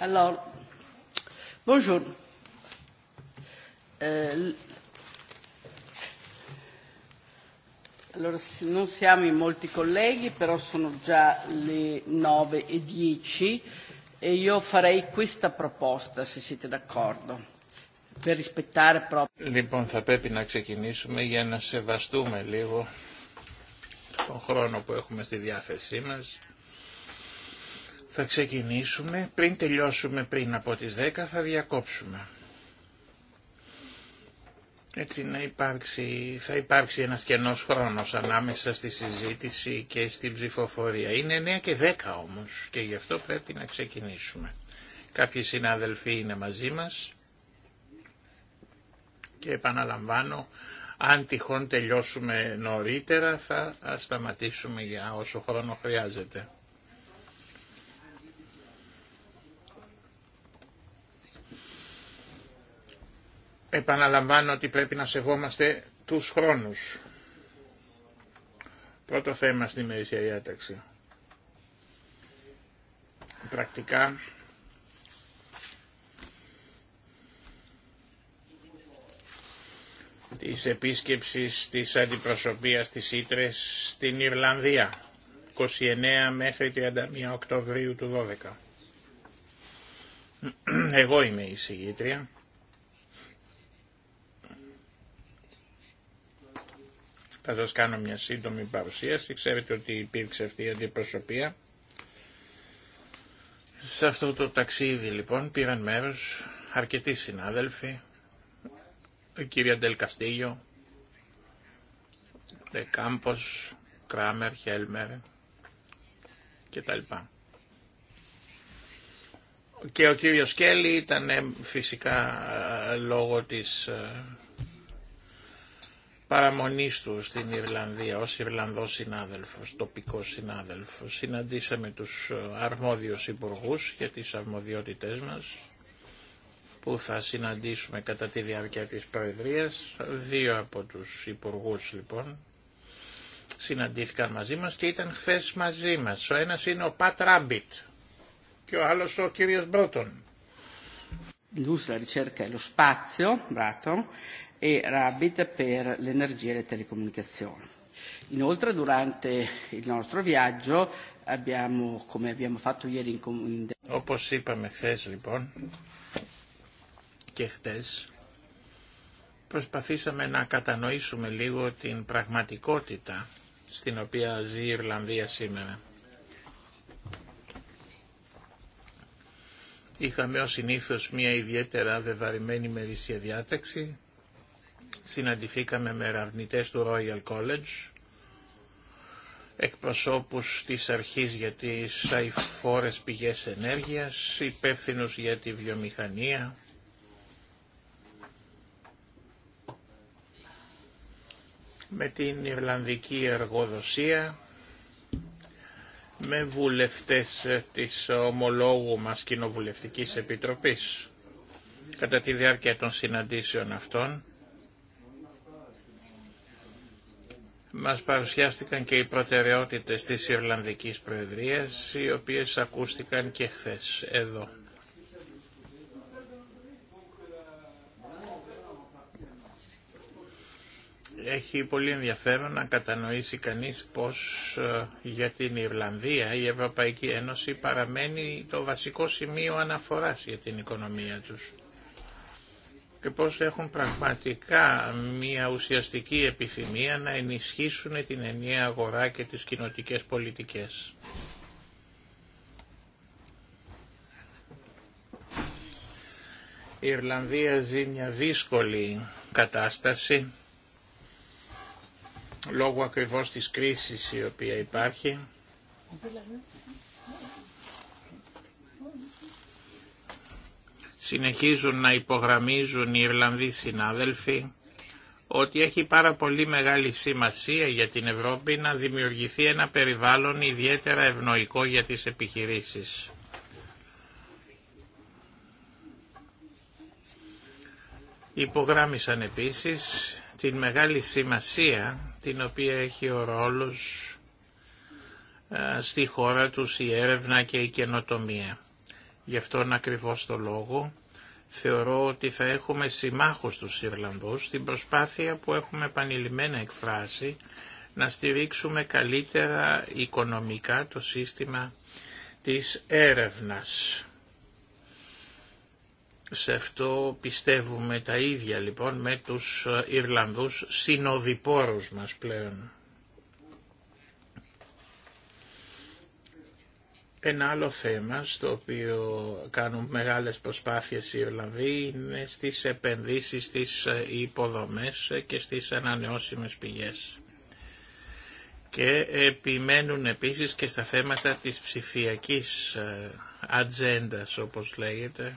Alors, bonjour. non siamo in molti colleghi, però sono già le 9 e 10 e io farei questa proposta, se siete d'accordo. Per rispettare proprio. Λοιπόν, θα πρέπει να ξεκινήσουμε για να σεβαστούμε λίγο τον χρόνο που έχουμε στη διάθεσή μας. Θα ξεκινήσουμε. Πριν τελειώσουμε πριν από τις 10 θα διακόψουμε. Έτσι να υπάρξει, θα υπάρξει ένας κενός χρόνος ανάμεσα στη συζήτηση και στην ψηφοφορία. Είναι 9 και 10 όμως και γι' αυτό πρέπει να ξεκινήσουμε. Κάποιοι συναδελφοί είναι μαζί μας και επαναλαμβάνω αν τυχόν τελειώσουμε νωρίτερα θα σταματήσουμε για όσο χρόνο χρειάζεται. Επαναλαμβάνω ότι πρέπει να σεβόμαστε τους χρόνους. Πρώτο θέμα στην ημερήσια διάταξη. Πρακτικά της επίσκεψης της αντιπροσωπείας της Ήτρες στην Ιρλανδία, 29 μέχρι 31 Οκτωβρίου του 12. Εγώ είμαι η συγγήτρια. Θα σας κάνω μια σύντομη παρουσίαση. Ξέρετε ότι υπήρξε αυτή η αντιπροσωπεία. Σε αυτό το ταξίδι λοιπόν πήραν μέρος αρκετοί συνάδελφοι, Ο κυρία Ντελ Καστίγιο, Δε Κάμπος, Κράμερ, Χέλμερ και τα λοιπά. Και ο κύριος Σκέλη ήταν ε, φυσικά ε, λόγω της ε, Παραμονή του στην Ιρλανδία ως Ιρλανδός συνάδελφος, τοπικός συνάδελφος. Συναντήσαμε τους ε, αρμόδιους υπουργούς για τις αρμοδιότητές μας που θα συναντήσουμε κατά τη διάρκεια της Προεδρίας. Δύο από τους υπουργούς λοιπόν συναντήθηκαν μαζί μας και ήταν χθε μαζί μας. Ο ένας είναι ο Πατ Ράμπιτ και ο άλλος ο κύριος Μπρότον e Rabbit per l'energia e le telecomunicazioni. Inoltre durante il nostro viaggio abbiamo, come abbiamo fatto ieri in comunità... όπω είπαμε χθε λοιπόν και χτες, προσπαθήσαμε να κατανοήσουμε λίγο την πραγματικότητα στην οποία ζει η Ιρλανδία σήμερα. Είχαμε ως συνήθως μια ιδιαίτερα βεβαρημένη μερίσια διάταξη, συναντηθήκαμε με αρνητές του Royal College, εκπροσώπους της αρχής για τις αηφόρες πηγές ενέργειας, υπεύθυνους για τη βιομηχανία, με την Ιρλανδική εργοδοσία, με βουλευτές της ομολόγου μας Κοινοβουλευτικής Επιτροπής. Κατά τη διάρκεια των συναντήσεων αυτών, Μας παρουσιάστηκαν και οι προτεραιότητες της Ιρλανδικής Προεδρίας, οι οποίες ακούστηκαν και χθες εδώ. Έχει πολύ ενδιαφέρον να κατανοήσει κανείς πως ε, για την Ιρλανδία η Ευρωπαϊκή Ένωση παραμένει το βασικό σημείο αναφοράς για την οικονομία τους και πώς έχουν πραγματικά μια ουσιαστική επιθυμία να ενισχύσουν την ενιαία αγορά και τις κοινοτικές πολιτικές. Η Ιρλανδία ζει μια δύσκολη κατάσταση λόγω ακριβώς της κρίσης η οποία υπάρχει Συνεχίζουν να υπογραμμίζουν οι Ιρλανδοί συνάδελφοι ότι έχει πάρα πολύ μεγάλη σημασία για την Ευρώπη να δημιουργηθεί ένα περιβάλλον ιδιαίτερα ευνοϊκό για τις επιχειρήσεις. Υπογράμμισαν επίσης την μεγάλη σημασία την οποία έχει ο ρόλος ε, στη χώρα τους η έρευνα και η καινοτομία. Γι' αυτόν ακριβώς το λόγο θεωρώ ότι θα έχουμε συμμάχους τους Ιρλανδούς στην προσπάθεια που έχουμε επανειλημμένα εκφράσει να στηρίξουμε καλύτερα οικονομικά το σύστημα της έρευνας. Σε αυτό πιστεύουμε τα ίδια λοιπόν με τους Ιρλανδούς συνοδοιπόρους μας πλέον. Ένα άλλο θέμα στο οποίο κάνουν μεγάλες προσπάθειες οι Ολλανδοί είναι στις επενδύσεις στις ε, υποδομές και στις ανανεώσιμες πηγές. Και επιμένουν επίσης και στα θέματα της ψηφιακής ε, ατζέντα, όπως λέγεται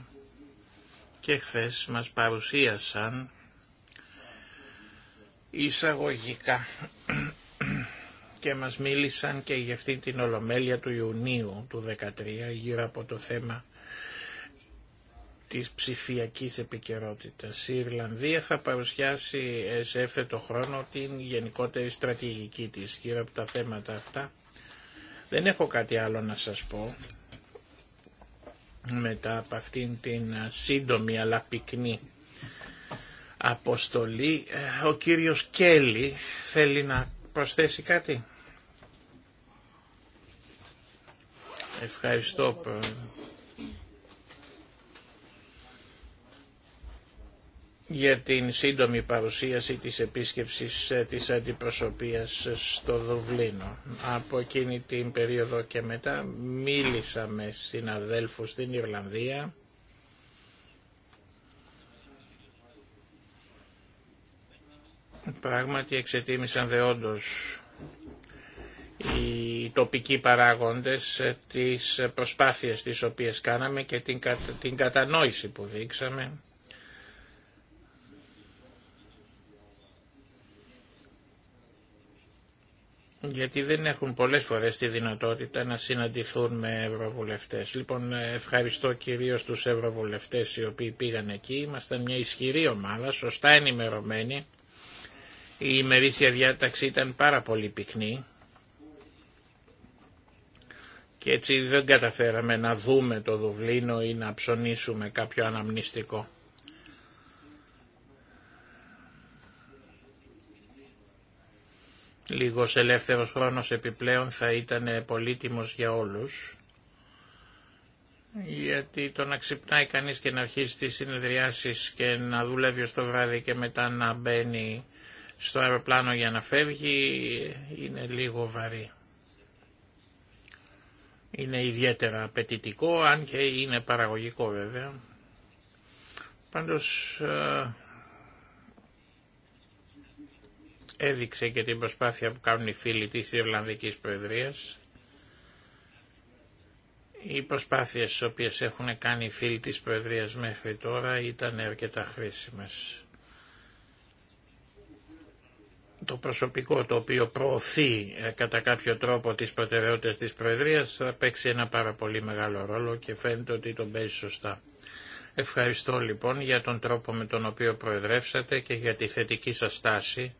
και χθε μας παρουσίασαν εισαγωγικά και μας μίλησαν και για αυτή την Ολομέλεια του Ιουνίου του 2013 γύρω από το θέμα της ψηφιακής επικαιρότητα. Η Ιρλανδία θα παρουσιάσει σε έφετο χρόνο την γενικότερη στρατηγική της γύρω από τα θέματα αυτά. Δεν έχω κάτι άλλο να σας πω μετά από αυτήν την σύντομη αλλά πυκνή αποστολή. Ε, ο κύριος Κέλλη θέλει να προσθέσει κάτι. Ευχαριστώ για την σύντομη παρουσίαση της επίσκεψης ε, της αντιπροσωπείας στο Δουβλίνο. Από εκείνη την περίοδο και μετά μίλησα με συναδέλφους στην Ιρλανδία πράγματι εξετίμησαν δεόντως οι τοπικοί παράγοντες ε, τις προσπάθειες τις οποίες κάναμε και την, την κατανόηση που δείξαμε. γιατί δεν έχουν πολλές φορές τη δυνατότητα να συναντηθούν με ευρωβουλευτές. Λοιπόν, ε, ευχαριστώ κυρίως τους ευρωβουλευτές οι οποίοι πήγαν εκεί. Ήμασταν μια ισχυρή ομάδα, σωστά ενημερωμένη. Η ημερήσια διάταξη ήταν πάρα πολύ πυκνή και έτσι δεν καταφέραμε να δούμε το Δουβλίνο ή να ψωνίσουμε κάποιο αναμνηστικό. Λίγος ελεύθερος χρόνος επιπλέον θα ήταν πολύτιμος για όλους, γιατί το να ξυπνάει κανείς και να αρχίσει τις συνεδριάσεις και να δουλεύει στο βράδυ και μετά να μπαίνει στο αεροπλάνο για να φεύγει είναι λίγο βαρύ είναι ιδιαίτερα απαιτητικό, αν και είναι παραγωγικό βέβαια. Πάντως ε, έδειξε και την προσπάθεια που κάνουν οι φίλοι της Ιρλανδικής Προεδρίας. Οι προσπάθειες τις οποίες έχουν κάνει οι φίλοι της Προεδρίας μέχρι τώρα ήταν αρκετά χρήσιμες το προσωπικό το οποίο προωθεί ε, κατά κάποιο τρόπο τις προτεραιότητες της Προεδρίας θα παίξει ένα πάρα πολύ μεγάλο ρόλο και φαίνεται ότι τον παίζει σωστά. Ευχαριστώ λοιπόν για τον τρόπο με τον οποίο προεδρεύσατε και για τη θετική σας στάση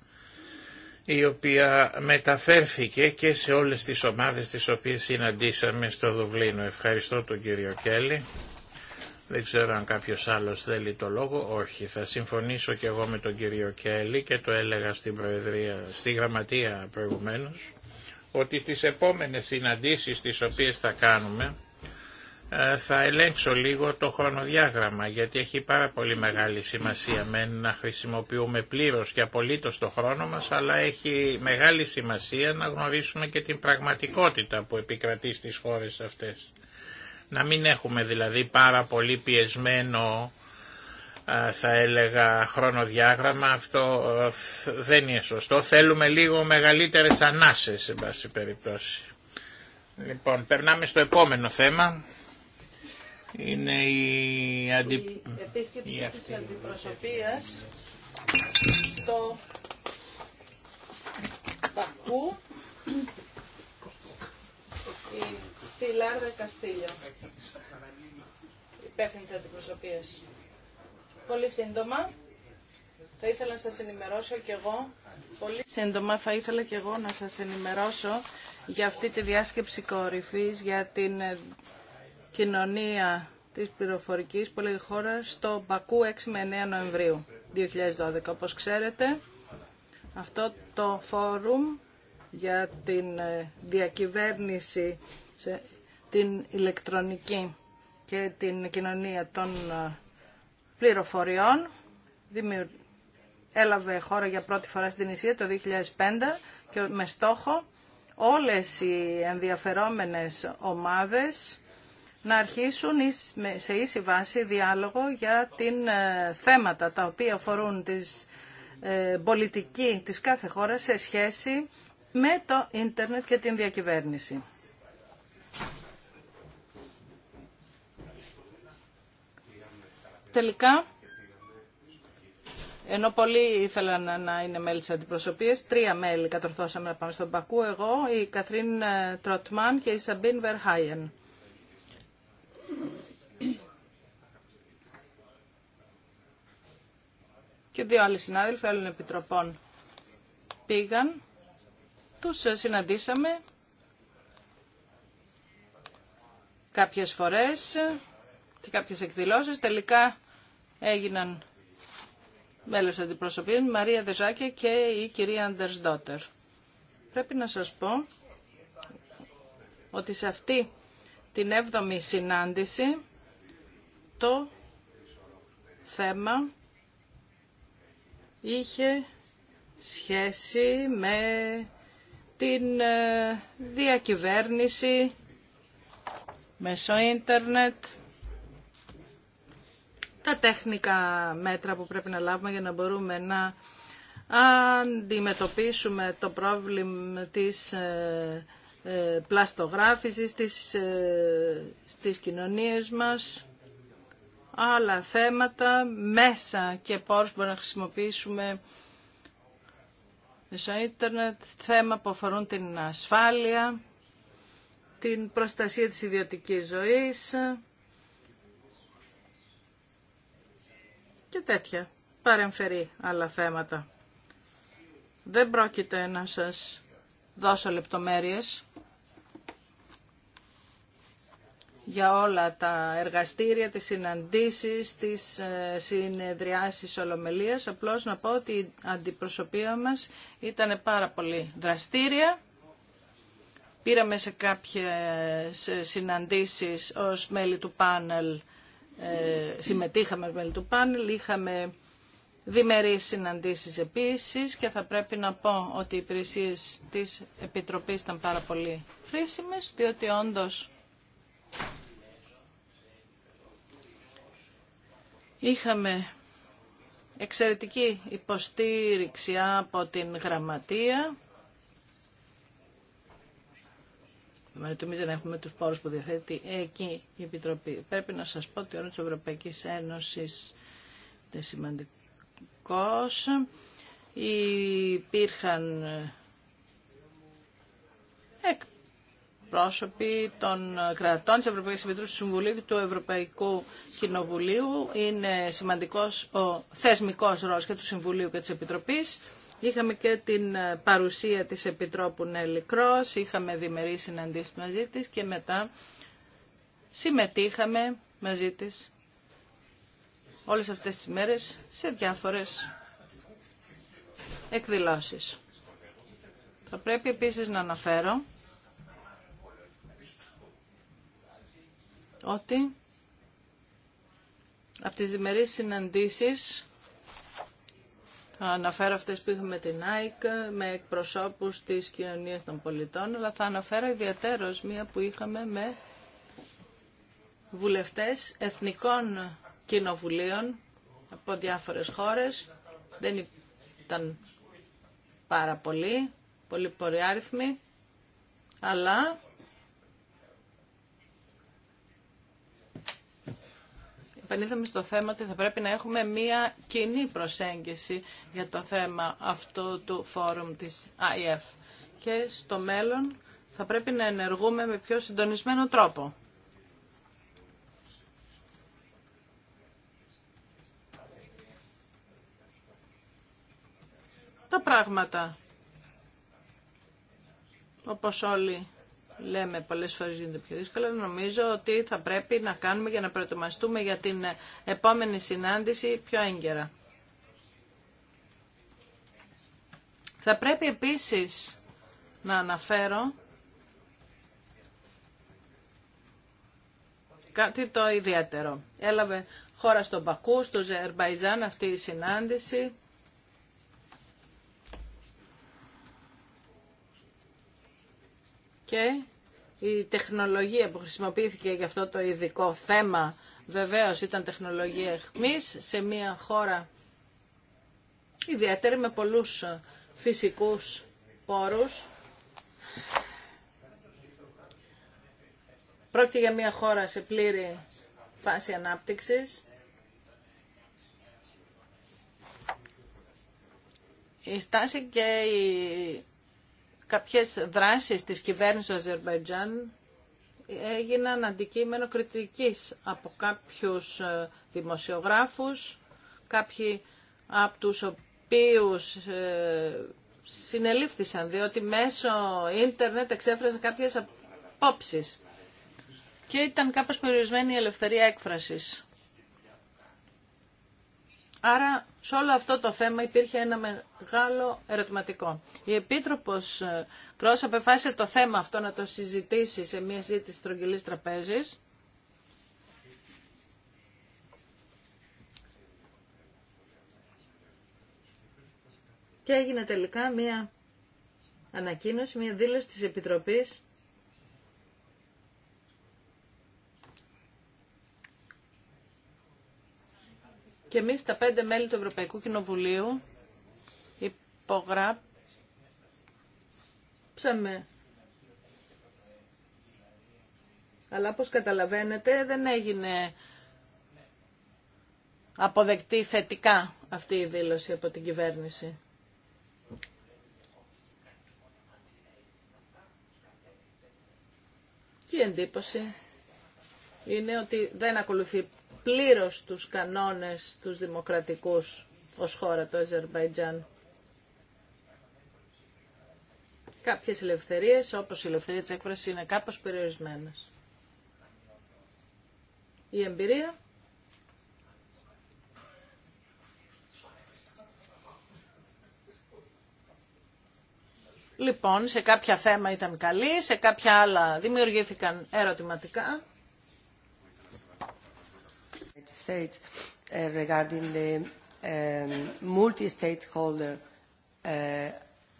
η οποία μεταφέρθηκε και σε όλες τις ομάδες τις οποίες συναντήσαμε στο Δουβλίνο. Ευχαριστώ τον κύριο Κέλλη. Δεν ξέρω αν κάποιος άλλος θέλει το λόγο. Όχι, θα συμφωνήσω και εγώ με τον κύριο Κέλλη και το έλεγα στην Προεδρία, στη Γραμματεία προηγουμένως, ότι στις επόμενες συναντήσεις τις οποίες θα κάνουμε ε, θα ελέγξω λίγο το χρονοδιάγραμμα γιατί έχει πάρα πολύ μεγάλη σημασία με να χρησιμοποιούμε πλήρως και απολύτως το χρόνο μας αλλά έχει μεγάλη σημασία να γνωρίσουμε και την πραγματικότητα που επικρατεί στις χώρες αυτές. Να μην έχουμε δηλαδή πάρα πολύ πιεσμένο θα έλεγα χρονοδιάγραμμα, αυτό ε, δεν είναι σωστό. Θέλουμε λίγο μεγαλύτερες ανάσες, σε πάση περιπτώσει. Λοιπόν, περνάμε στο επόμενο θέμα. Είναι η, αντι... η επίσκεψη η αυτή. αντιπροσωπείας στο Πακού. Πιλάρ Καστήλιο. Υπεύθυνη τη αντιπροσωπεία. Πολύ σύντομα. Θα ήθελα να σας ενημερώσω και εγώ, πολύ σύντομα θα ήθελα και εγώ να σας ενημερώσω για αυτή τη διάσκεψη κορυφής για την ε, κοινωνία της πληροφορική που χώρα στο Μπακού 6 με 9 Νοεμβρίου 2012. Όπως ξέρετε, αυτό το φόρουμ για την ε, διακυβέρνηση την ηλεκτρονική και την κοινωνία των ε, πληροφοριών. Έλαβε χώρα για πρώτη φορά στην Ισία το 2005 και με στόχο όλες οι ενδιαφερόμενες ομάδες να αρχίσουν σε ίση βάση διάλογο για την ε, θέματα τα οποία αφορούν τις ε, πολιτική της κάθε χώρας σε σχέση με το ίντερνετ και την διακυβέρνηση. Τελικά, ενώ πολλοί ήθελαν να είναι μέλη της αντιπροσωπείας, τρία μέλη κατορθώσαμε να πάμε στον Πακού, εγώ, η Καθρίν ε, Τροτμάν και η Σαμπίν Βερχάιεν. Και δύο άλλοι συνάδελφοι άλλων επιτροπών πήγαν, τους ε, συναντήσαμε κάποιες φορές σε κάποιες εκδηλώσεις. Τελικά έγιναν μέλος αντιπροσωπείων Μαρία Δεζάκη και η κυρία Άντερς Ντότερ. Πρέπει να σας πω ότι σε αυτή την έβδομη συνάντηση το θέμα είχε σχέση με την ε, διακυβέρνηση μέσω ίντερνετ τα τέχνικα μέτρα που πρέπει να λάβουμε για να μπορούμε να αντιμετωπίσουμε το πρόβλημα της ε, ε, πλαστογράφησης της, ε, στις κοινωνίες μας, άλλα θέματα, μέσα και πώς μπορούμε να χρησιμοποιήσουμε στο ίντερνετ, θέμα που αφορούν την ασφάλεια, την προστασία της ιδιωτικής ζωής, και τέτοια παρεμφερή άλλα θέματα. Δεν πρόκειται να σας δώσω λεπτομέρειες για όλα τα εργαστήρια, τις συναντήσεις, τις ε, συνεδριάσεις ολομελίας. Απλώς να πω ότι η αντιπροσωπεία μας ήταν πάρα πολύ δραστήρια. Πήραμε σε κάποιες ε, συναντήσεις ως μέλη του πάνελ ε, συμμετείχαμε με μέλη του πάνελ, είχαμε διμερείς συναντήσεις επίσης και θα πρέπει να πω ότι οι υπηρεσίε της Επιτροπής ήταν πάρα πολύ χρήσιμες, διότι όντως είχαμε εξαιρετική υποστήριξη από την γραμματεία Μελετούμε να έχουμε τους πόρους που διαθέτει εκεί η Επιτροπή. Πρέπει να σας πω ότι ο ρόλο της Ευρωπαϊκής Ένωσης είναι σημαντικός. Υπήρχαν ε, εκπρόσωποι των κρατών της Ευρωπαϊκής Επιτροπής του Συμβουλίου και του Ευρωπαϊκού Κοινοβουλίου. Είναι σημαντικός ο θεσμικός ρόλος και του Συμβουλίου και της Επιτροπής. Είχαμε και την ε, παρουσία της Επιτρόπου Νέλη Κρός, είχαμε διμερεί συναντήσεις μαζί της και μετά συμμετείχαμε μαζί της όλες αυτές τις μέρες σε διάφορες εκδηλώσεις. Θα πρέπει επίσης να αναφέρω ότι από τις διμερείς συναντήσεις αναφέρω αυτές που είχαμε την ΑΕΚ με εκπροσώπους της κοινωνίας των πολιτών, αλλά θα αναφέρω ιδιαίτερως μία που είχαμε με βουλευτές εθνικών κοινοβουλίων από διάφορες χώρες. Δεν ήταν πάρα πολλοί, πολύ άριθμοι, αλλά επανήλθαμε στο θέμα ότι θα πρέπει να έχουμε μία κοινή προσέγγιση για το θέμα αυτού του φόρουμ της ΑΕΦ. Και στο μέλλον θα πρέπει να ενεργούμε με πιο συντονισμένο τρόπο. Τα πράγματα, όπως όλοι λέμε πολλές φορές γίνεται πιο δύσκολο, νομίζω ότι θα πρέπει να κάνουμε για να προετοιμαστούμε για την επόμενη συνάντηση πιο έγκαιρα. Θα πρέπει επίσης να αναφέρω κάτι το ιδιαίτερο. Έλαβε χώρα στον Πακού, στο Ζερμπαϊζάν αυτή η συνάντηση. Και η τεχνολογία που χρησιμοποιήθηκε για αυτό το ειδικό θέμα βεβαίως ήταν τεχνολογία εχμής σε μια χώρα ιδιαίτερη με πολλούς φυσικούς πόρους. Πρόκειται για μια χώρα σε πλήρη φάση ανάπτυξης. Η στάση και η Κάποιες δράσεις της κυβέρνησης του Αζερβαϊτζάν έγιναν αντικείμενο κριτικής από κάποιους ε, δημοσιογράφους, κάποιοι από τους οποίους ε, συνελήφθησαν, διότι μέσω ίντερνετ εξέφρασαν κάποιες απόψεις. Και ήταν κάπως περιορισμένη η ελευθερία έκφρασης. Άρα σε όλο αυτό το θέμα υπήρχε ένα μεγάλο ερωτηματικό. Η Επίτροπος ε, Κρός απεφάσισε το θέμα αυτό να το συζητήσει σε μια ζήτηση τρογγυλής τραπέζης. Και έγινε τελικά μια ανακοίνωση, μια δήλωση της Επιτροπής Και εμείς τα πέντε μέλη του Ευρωπαϊκού Κοινοβουλίου υπογράψαμε. Αλλά όπως καταλαβαίνετε δεν έγινε αποδεκτή θετικά αυτή η δήλωση από την κυβέρνηση. Και η εντύπωση είναι ότι δεν ακολουθεί πλήρως τους κανόνες τους δημοκρατικούς ως χώρα το Αζερβαϊτζάν. Κάποιες ελευθερίες, όπως η ελευθερία της έκφρασης, είναι κάπως περιορισμένες. Η εμπειρία Λοιπόν, σε κάποια θέμα ήταν καλή, σε κάποια άλλα δημιουργήθηκαν ερωτηματικά. States uh, regarding the um, multi-stakeholder uh,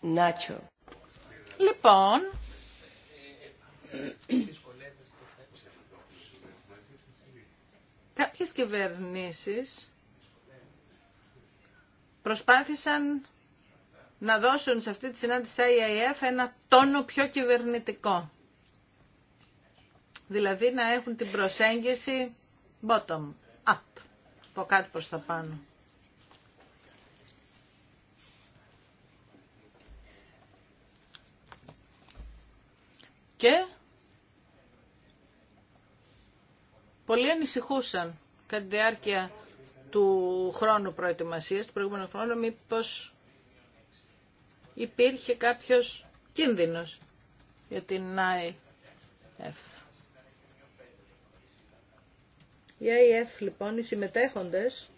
nature. Λοιπόν, κάποιες κυβερνήσεις προσπάθησαν να δώσουν σε αυτή τη συνάντηση IAF ένα τόνο πιο κυβερνητικό. Δηλαδή να έχουν την προσέγγιση bottom up, από κάτω προς τα πάνω. Και πολλοί ανησυχούσαν κατά τη διάρκεια του χρόνου προετοιμασίας, του προηγούμενου χρόνου, μήπως υπήρχε κάποιος κίνδυνος για την IF. Η ΑΕΦ λοιπόν, οι συμμετέχοντες,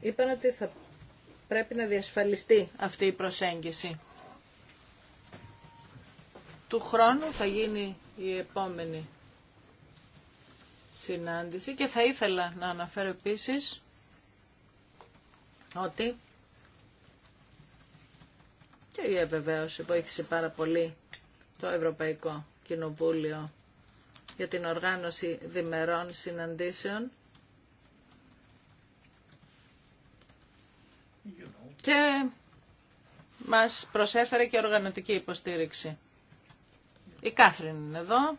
είπαν ότι θα πρέπει να διασφαλιστεί αυτή η προσέγγιση. Του χρόνου θα γίνει η επόμενη συνάντηση και θα ήθελα να αναφέρω επίσης ότι και η βεβαίως βοήθησε πάρα πολύ το Ευρωπαϊκό Κοινοβούλιο για την οργάνωση Δημερών συναντήσεων και μας προσέφερε και οργανωτική υποστήριξη. Η Κάθριν είναι εδώ,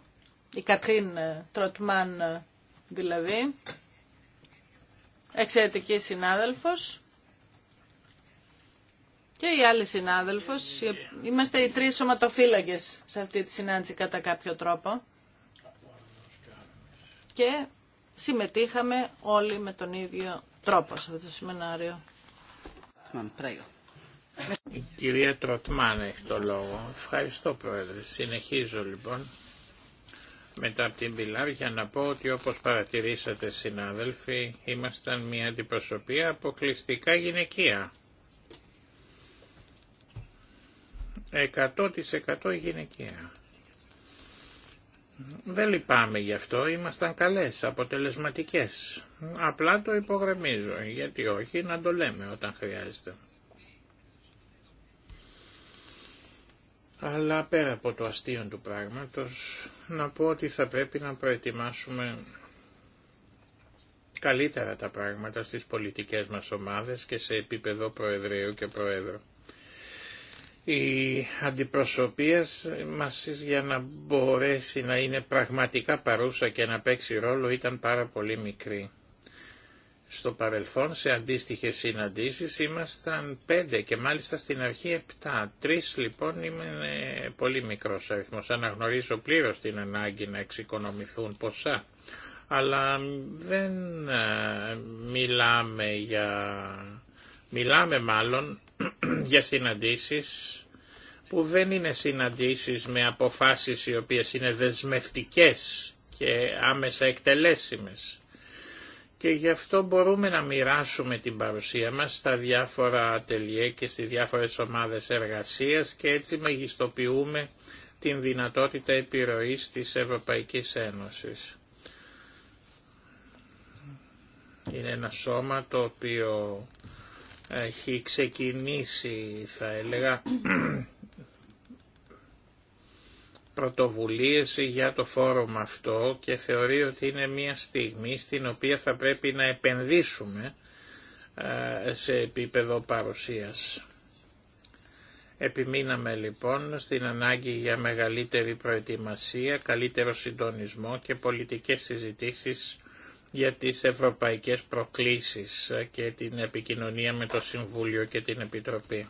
η Κατρίν Τροτμάν δηλαδή, εξαιρετική συνάδελφος και οι άλλοι συνάδελφοι Είμαστε οι τρεις σωματοφύλακες σε αυτή τη συνάντηση κατά κάποιο τρόπο. Και συμμετείχαμε όλοι με τον ίδιο τρόπο σε αυτό το σεμινάριο. Η κυρία Τροτμάν έχει το λόγο. Ευχαριστώ Πρόεδρε. Συνεχίζω λοιπόν μετά από την Πιλάρ για να πω ότι όπως παρατηρήσατε συνάδελφοι ήμασταν μια αντιπροσωπεία αποκλειστικά γυναικεία. 100% γυναικεία. Δεν λυπάμαι γι' αυτό, ήμασταν καλές, αποτελεσματικές. Απλά το υπογραμμίζω, γιατί όχι να το λέμε όταν χρειάζεται. Αλλά πέρα από το αστείο του πράγματος, να πω ότι θα πρέπει να προετοιμάσουμε καλύτερα τα πράγματα στις πολιτικές μας ομάδες και σε επίπεδο Προεδρείου και Προέδρου οι αντιπροσωπείας μας για να μπορέσει να είναι πραγματικά παρούσα και να παίξει ρόλο ήταν πάρα πολύ μικρή. Στο παρελθόν σε αντίστοιχες συναντήσεις ήμασταν πέντε και μάλιστα στην αρχή επτά. Τρεις λοιπόν είμαι πολύ μικρός αριθμός. Αναγνωρίζω πλήρως την ανάγκη να εξοικονομηθούν ποσά. Αλλά δεν ε, μιλάμε για... Μιλάμε μάλλον για συναντήσεις που δεν είναι συναντήσεις με αποφάσεις οι οποίες είναι δεσμευτικές και άμεσα εκτελέσιμες. Και γι' αυτό μπορούμε να μοιράσουμε την παρουσία μας στα διάφορα ατελιέ και στις διάφορες ομάδες εργασίας και έτσι μεγιστοποιούμε την δυνατότητα επιρροής της Ευρωπαϊκής Ένωσης. Είναι ένα σώμα το οποίο έχει ξεκινήσει θα έλεγα πρωτοβουλίες για το φόρουμ αυτό και θεωρεί ότι είναι μια στιγμή στην οποία θα πρέπει να επενδύσουμε ε, σε επίπεδο παρουσίας. Επιμείναμε λοιπόν στην ανάγκη για μεγαλύτερη προετοιμασία, καλύτερο συντονισμό και πολιτικές συζητήσεις για τις ευρωπαϊκές προκλήσεις και την επικοινωνία με το Συμβούλιο και την Επιτροπή.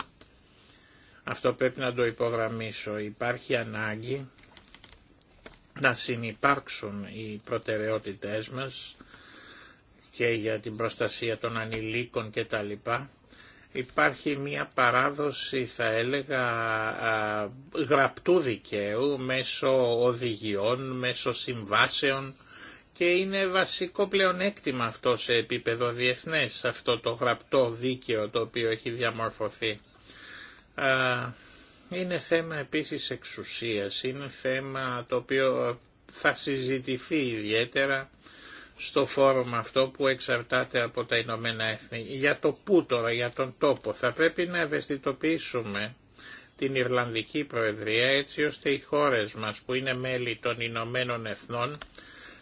Αυτό πρέπει να το υπογραμμίσω. Υπάρχει ανάγκη να συνυπάρξουν οι προτεραιότητές μας και για την προστασία των ανηλίκων και τα λοιπά. Υπάρχει μια παράδοση θα έλεγα γραπτού δικαίου μέσω οδηγιών, μέσω συμβάσεων και είναι βασικό πλεονέκτημα αυτό σε επίπεδο διεθνές, αυτό το γραπτό δίκαιο το οποίο έχει διαμορφωθεί. Είναι θέμα επίσης εξουσίας, είναι θέμα το οποίο θα συζητηθεί ιδιαίτερα στο φόρουμ αυτό που εξαρτάται από τα Ηνωμένα Έθνη. Για το πού τώρα, για τον τόπο, θα πρέπει να ευαισθητοποιήσουμε την Ιρλανδική Προεδρία έτσι ώστε οι χώρες μας που είναι μέλη των Ηνωμένων Εθνών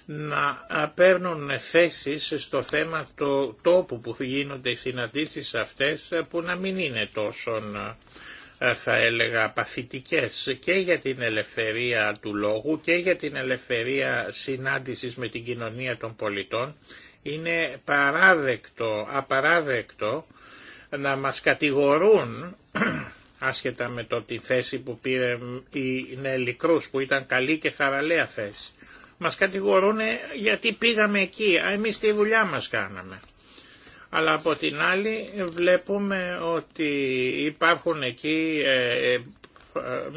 να παίρνουν θέσεις στο θέμα του τόπου που γίνονται οι συναντήσεις αυτές ε, που να μην είναι τόσο ε, ε, θα έλεγα παθητικές και για την ελευθερία του λόγου και για την ελευθερία συνάντησης με την κοινωνία των πολιτών είναι παράδεκτο, απαράδεκτο να μας κατηγορούν άσχετα με το τη θέση που πήρε η Νέλη που ήταν καλή και θαραλέα θέση μας κατηγορούν γιατί πήγαμε εκεί, εμείς τη δουλειά μας κάναμε. Αλλά από την άλλη βλέπουμε ότι υπάρχουν εκεί ε, ε, ε,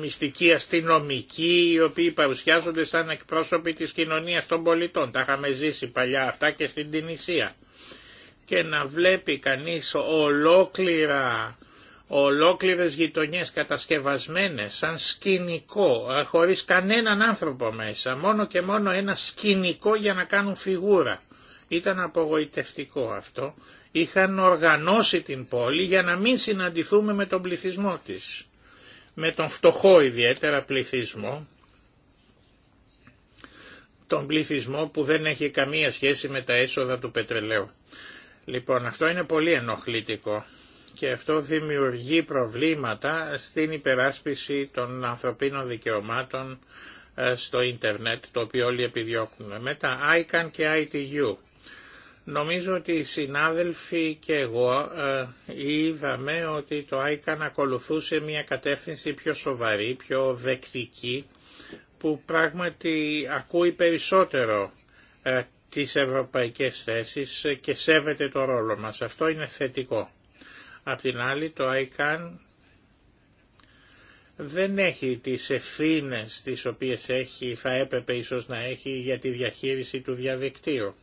μυστικοί αστυνομικοί οι οποίοι παρουσιάζονται σαν εκπρόσωποι της κοινωνίας των πολιτών. Τα είχαμε ζήσει παλιά αυτά και στην Τινησία. Και να βλέπει κανείς ολόκληρα ολόκληρες γειτονιές κατασκευασμένες σαν σκηνικό, ε, χωρίς κανέναν άνθρωπο μέσα, μόνο και μόνο ένα σκηνικό για να κάνουν φιγούρα. Ήταν απογοητευτικό αυτό. Είχαν οργανώσει την πόλη για να μην συναντηθούμε με τον πληθυσμό της. Με τον φτωχό ιδιαίτερα πληθυσμό, τον πληθυσμό που δεν έχει καμία σχέση με τα έσοδα του πετρελαίου. Λοιπόν, αυτό είναι πολύ ενοχλητικό και αυτό δημιουργεί προβλήματα στην υπεράσπιση των ανθρωπίνων δικαιωμάτων ε, στο ίντερνετ, το οποίο όλοι επιδιώκουμε. Μετά, ICAN και ITU. Νομίζω ότι οι συνάδελφοι και εγώ ε, είδαμε ότι το ICAN ακολουθούσε μια κατεύθυνση πιο σοβαρή, πιο δεκτική, που πράγματι ακούει περισσότερο ε, τις ευρωπαϊκές θέσεις και σέβεται το ρόλο μας. Αυτό είναι θετικό. Απ' την άλλη το ICANN δεν έχει τις ευθύνε τις οποίες έχει, θα έπρεπε ίσως να έχει για τη διαχείριση του διαδικτύου.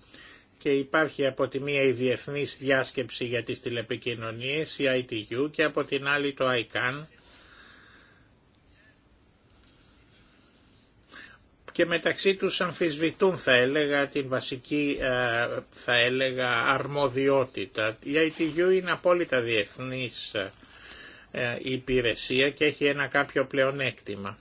Και υπάρχει από τη μία η Διεθνής Διάσκεψη για τις Τηλεπικοινωνίες, η ITU, και από την άλλη το ICANN. και μεταξύ τους αμφισβητούν θα έλεγα την βασική ε, θα έλεγα αρμοδιότητα. Η ITU είναι απόλυτα διεθνής ε, ε, υπηρεσία και έχει ένα κάποιο πλεονέκτημα.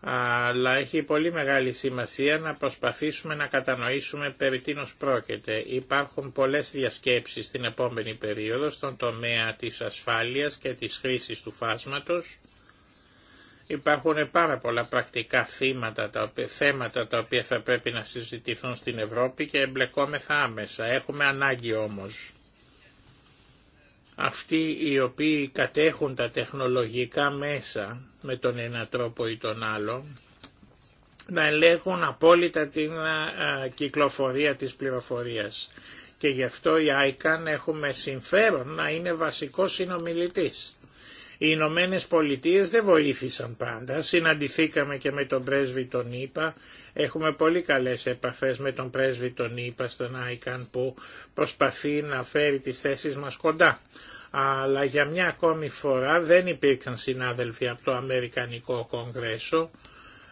Αλλά έχει πολύ μεγάλη σημασία να προσπαθήσουμε να κατανοήσουμε περί τίνος πρόκειται. Υπάρχουν πολλές διασκέψεις την επόμενη περίοδο στον τομέα της ασφάλειας και της χρήσης του φάσματος Υπάρχουν πάρα πολλά πρακτικά τα θέματα τα οποία θα πρέπει να συζητηθούν στην Ευρώπη και εμπλεκόμεθα άμεσα. Έχουμε ανάγκη όμως. Αυτοί οι οποίοι κατέχουν τα τεχνολογικά μέσα με τον ένα τρόπο ή τον άλλο να ελέγχουν απόλυτα την κυκλοφορία της πληροφορίας. Και γι' αυτό η ICAN έχουμε συμφέρον να είναι βασικός συνομιλητής οι Ηνωμένε Πολιτείε δεν βοήθησαν πάντα. Συναντηθήκαμε και με τον πρέσβη τον ΗΠΑ. Έχουμε πολύ καλές επαφές με τον πρέσβη τον ΗΠΑ στον ΆΙΚΑΝ που προσπαθεί να φέρει τις θέσεις μας κοντά. Αλλά για μια ακόμη φορά δεν υπήρξαν συνάδελφοι από το Αμερικανικό Κογκρέσο.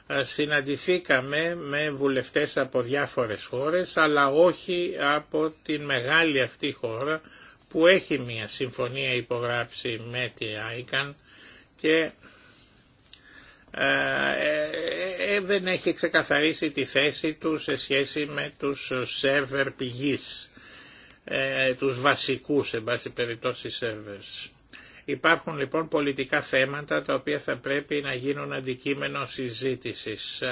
Ε, συναντηθήκαμε με βουλευτές από διάφορες χώρες, αλλά όχι από την μεγάλη αυτή χώρα που έχει μια συμφωνία υπογράψει με τη ICAN και ε, ε, ε, δεν έχει ξεκαθαρίσει τη θέση του σε σχέση με τους σερβερ πηγής, τους βασικούς, εν πάση περιπτώσει, σερβερς. Υπάρχουν λοιπόν πολιτικά θέματα τα οποία θα πρέπει να γίνουν αντικείμενο συζήτησης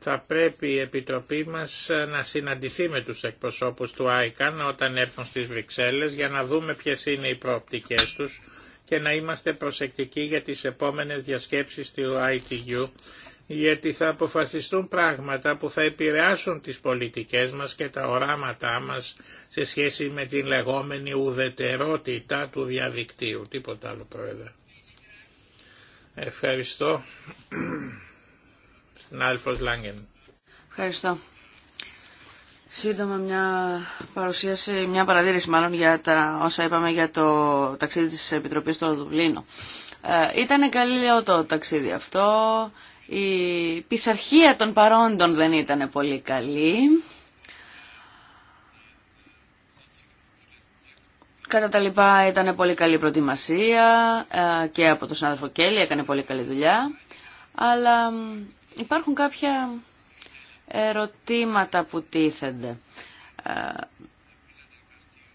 θα πρέπει η Επιτροπή μας ε, να συναντηθεί με τους εκπροσώπους του ΆΙΚΑΝ όταν έρθουν στις Βρυξέλλες για να δούμε ποιες είναι οι προοπτικές τους και να είμαστε προσεκτικοί για τις επόμενες διασκέψεις του ITU γιατί θα αποφασιστούν πράγματα που θα επηρεάσουν τις πολιτικές μας και τα οράματά μας σε σχέση με την λεγόμενη ουδετερότητα του διαδικτύου. Τίποτα άλλο, Πρόεδρε. Ευχαριστώ. Συνάδελφος Λάγκεν. Ευχαριστώ. Σύντομα μια παρουσίαση, μια παρατήρηση μάλλον για τα όσα είπαμε για το ταξίδι της Επιτροπής στο Δουβλίνο. Ε, ήταν καλό το ταξίδι αυτό. Η πειθαρχία των παρόντων δεν ήταν πολύ καλή. Κατά τα λοιπά ήταν πολύ καλή προετοιμασία ε, και από τον συνάδελφο Κέλλη έκανε πολύ καλή δουλειά. Αλλά Υπάρχουν κάποια ερωτήματα που τίθενται.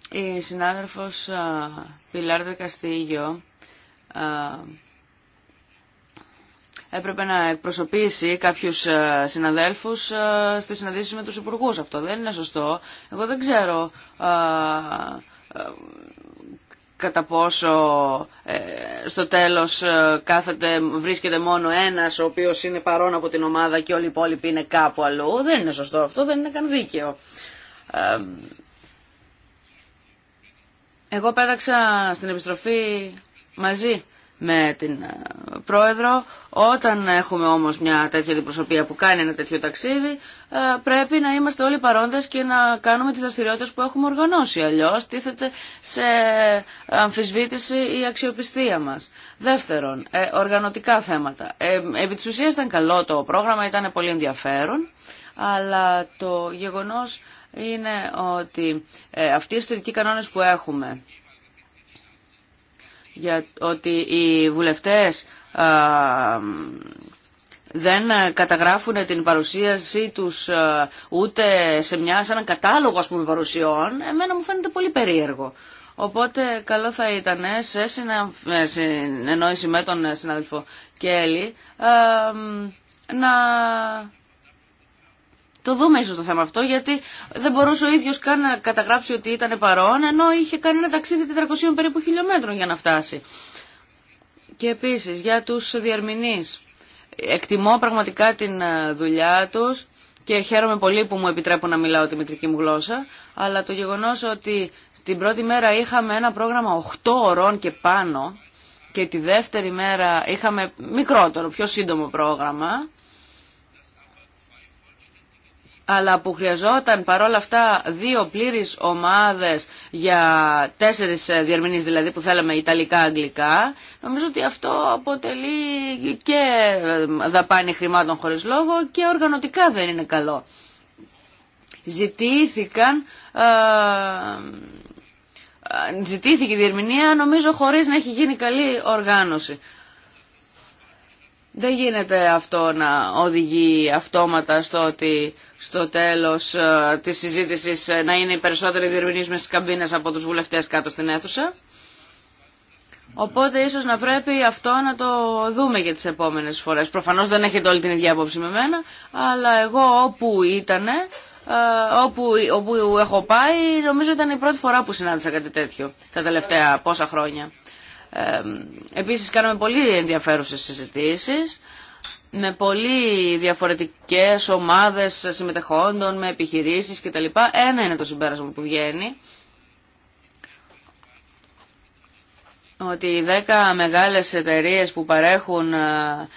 Ε, η συνάδελφος ε, Πιλάρδο Καστίγιο ε, έπρεπε να εκπροσωπήσει κάποιους συναδέλφους στις συναντήσεις με τους υπουργούς. Αυτό δεν είναι σωστό. Εγώ δεν ξέρω κατά πόσο ε, στο τέλος ε, κάθεται, βρίσκεται μόνο ένας ο οποίος είναι παρόν από την ομάδα και όλοι οι υπόλοιποι είναι κάπου αλλού. Δεν είναι σωστό αυτό, δεν είναι καν δίκαιο. εγώ πέταξα στην επιστροφή μαζί με την ε, πρόεδρο. Όταν έχουμε όμως μια τέτοια αντιπροσωπεία που κάνει ένα τέτοιο ταξίδι, ε, πρέπει να είμαστε όλοι παρόντες και να κάνουμε τις δραστηριότητε που έχουμε οργανώσει. Αλλιώς τίθεται σε αμφισβήτηση η αξιοπιστία μας. Δεύτερον, ε, οργανωτικά θέματα. επί της ουσίας ήταν καλό το πρόγραμμα, ήταν πολύ ενδιαφέρον, αλλά το γεγονός είναι ότι αυτοί οι ιστορικοί κανόνες που έχουμε για ότι οι βουλευτές δεν καταγράφουν την παρουσίασή τους ούτε σε, μια, έναν κατάλογο ας παρουσιών, εμένα μου φαίνεται πολύ περίεργο. Οπότε καλό θα ήταν ε, σε ε, συνεννόηση με τον συνάδελφο Κέλλη να το δούμε ίσω το θέμα αυτό, γιατί δεν μπορούσε ο ίδιο καν να καταγράψει ότι ήταν παρόν, ενώ είχε κάνει ένα ταξίδι 400 περίπου χιλιόμετρων για να φτάσει. Και επίση για του διαρμηνείς. Εκτιμώ πραγματικά την ε, δουλειά του και χαίρομαι πολύ που μου επιτρέπουν να μιλάω τη μητρική μου γλώσσα, αλλά το γεγονό ότι την πρώτη μέρα είχαμε ένα πρόγραμμα 8 ωρών και πάνω και τη δεύτερη μέρα είχαμε μικρότερο, πιο σύντομο πρόγραμμα, αλλά που χρειαζόταν παρόλα αυτά δύο πλήρεις ομάδες για τέσσερις ε, διερμηνείς δηλαδή που θέλαμε Ιταλικά-Αγγλικά, νομίζω ότι αυτό αποτελεί και ε, δαπάνη χρημάτων χωρίς λόγο και οργανωτικά δεν είναι καλό. Ζητήθηκαν... Ε, ζητήθηκε η διερμηνία νομίζω χωρίς να έχει γίνει καλή οργάνωση. Δεν γίνεται αυτό να οδηγεί αυτόματα στο ότι στο τέλος ε, της συζήτησης ε, να είναι οι περισσότεροι διερμηνείς με στις καμπίνες από τους βουλευτές κάτω στην αίθουσα. Οπότε ίσως να πρέπει αυτό να το δούμε για τις επόμενες φορές. Προφανώς δεν έχετε όλη την ίδια άποψη με μένα, αλλά εγώ όπου ήτανε, ε, όπου, όπου έχω πάει, νομίζω ήταν η πρώτη φορά που συνάντησα κάτι τέτοιο τα τελευταία πόσα χρόνια. Επίσης κάναμε πολύ ενδιαφέρουσες συζητήσεις με πολύ διαφορετικές ομάδες συμμετεχόντων, με επιχειρήσεις κτλ. Ένα είναι το συμπέρασμα που βγαίνει. Ότι οι 10 μεγάλες εταιρείες που παρέχουν ε,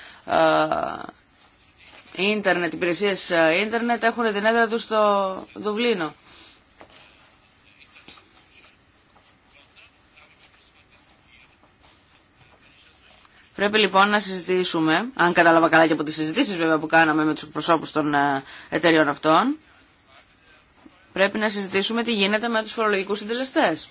ε, ίντερνετ, υπηρεσίες ε, ίντερνετ έχουν την έδρα τους στο Δουβλίνο. Πρέπει λοιπόν να συζητήσουμε, αν κατάλαβα καλά και από τις συζητήσεις βέβαια που κάναμε με τους προσώπους των ε, εταιριών αυτών, πρέπει να συζητήσουμε τι γίνεται με τους φορολογικούς συντελεστές.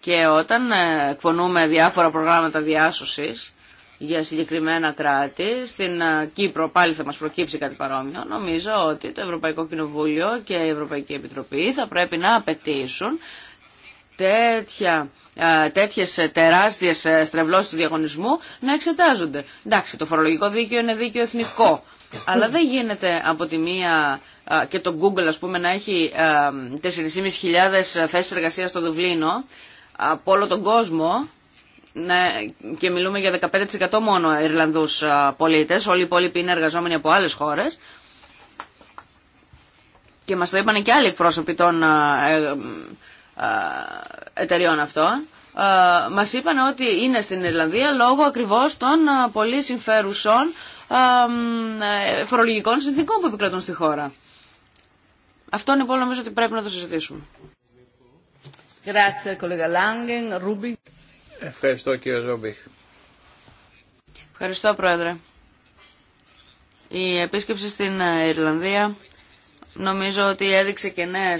Και όταν ε, εκπονούμε διάφορα προγράμματα διάσωσης για συγκεκριμένα κράτη, στην ε, Κύπρο πάλι θα μας προκύψει κάτι παρόμοιο, νομίζω ότι το Ευρωπαϊκό Κοινοβούλιο και η Ευρωπαϊκή Επιτροπή θα πρέπει να απαιτήσουν τέτοια, τέτοιες ε, τεράστιες ε, στρεβλώσεις του διαγωνισμού να εξετάζονται. Εντάξει, το φορολογικό δίκαιο είναι δίκαιο εθνικό, αλλά δεν γίνεται από τη μία και το Google ας πούμε να έχει 4.500 θέσεις εργασίας στο Δουβλίνο από όλο τον κόσμο ναι, και μιλούμε για 15% μόνο Ιρλανδούς πολίτες, όλοι οι υπόλοιποι είναι εργαζόμενοι από άλλες χώρες και μας το είπαν και άλλοι εκπρόσωποι των ε, ε, εταιριών αυτών ε, μας είπαν ότι είναι στην Ιρλανδία λόγω ακριβώς των ε, πολύ συμφέρουσων φορολογικών συνθήκων που επικρατούν στη χώρα. Αυτό είναι που λοιπόν, νομίζω ότι πρέπει να το συζητήσουμε. Ευχαριστώ κύριε Ζόμπιχ. Ευχαριστώ πρόεδρε. Η επίσκεψη στην Ιρλανδία νομίζω ότι έδειξε και νέε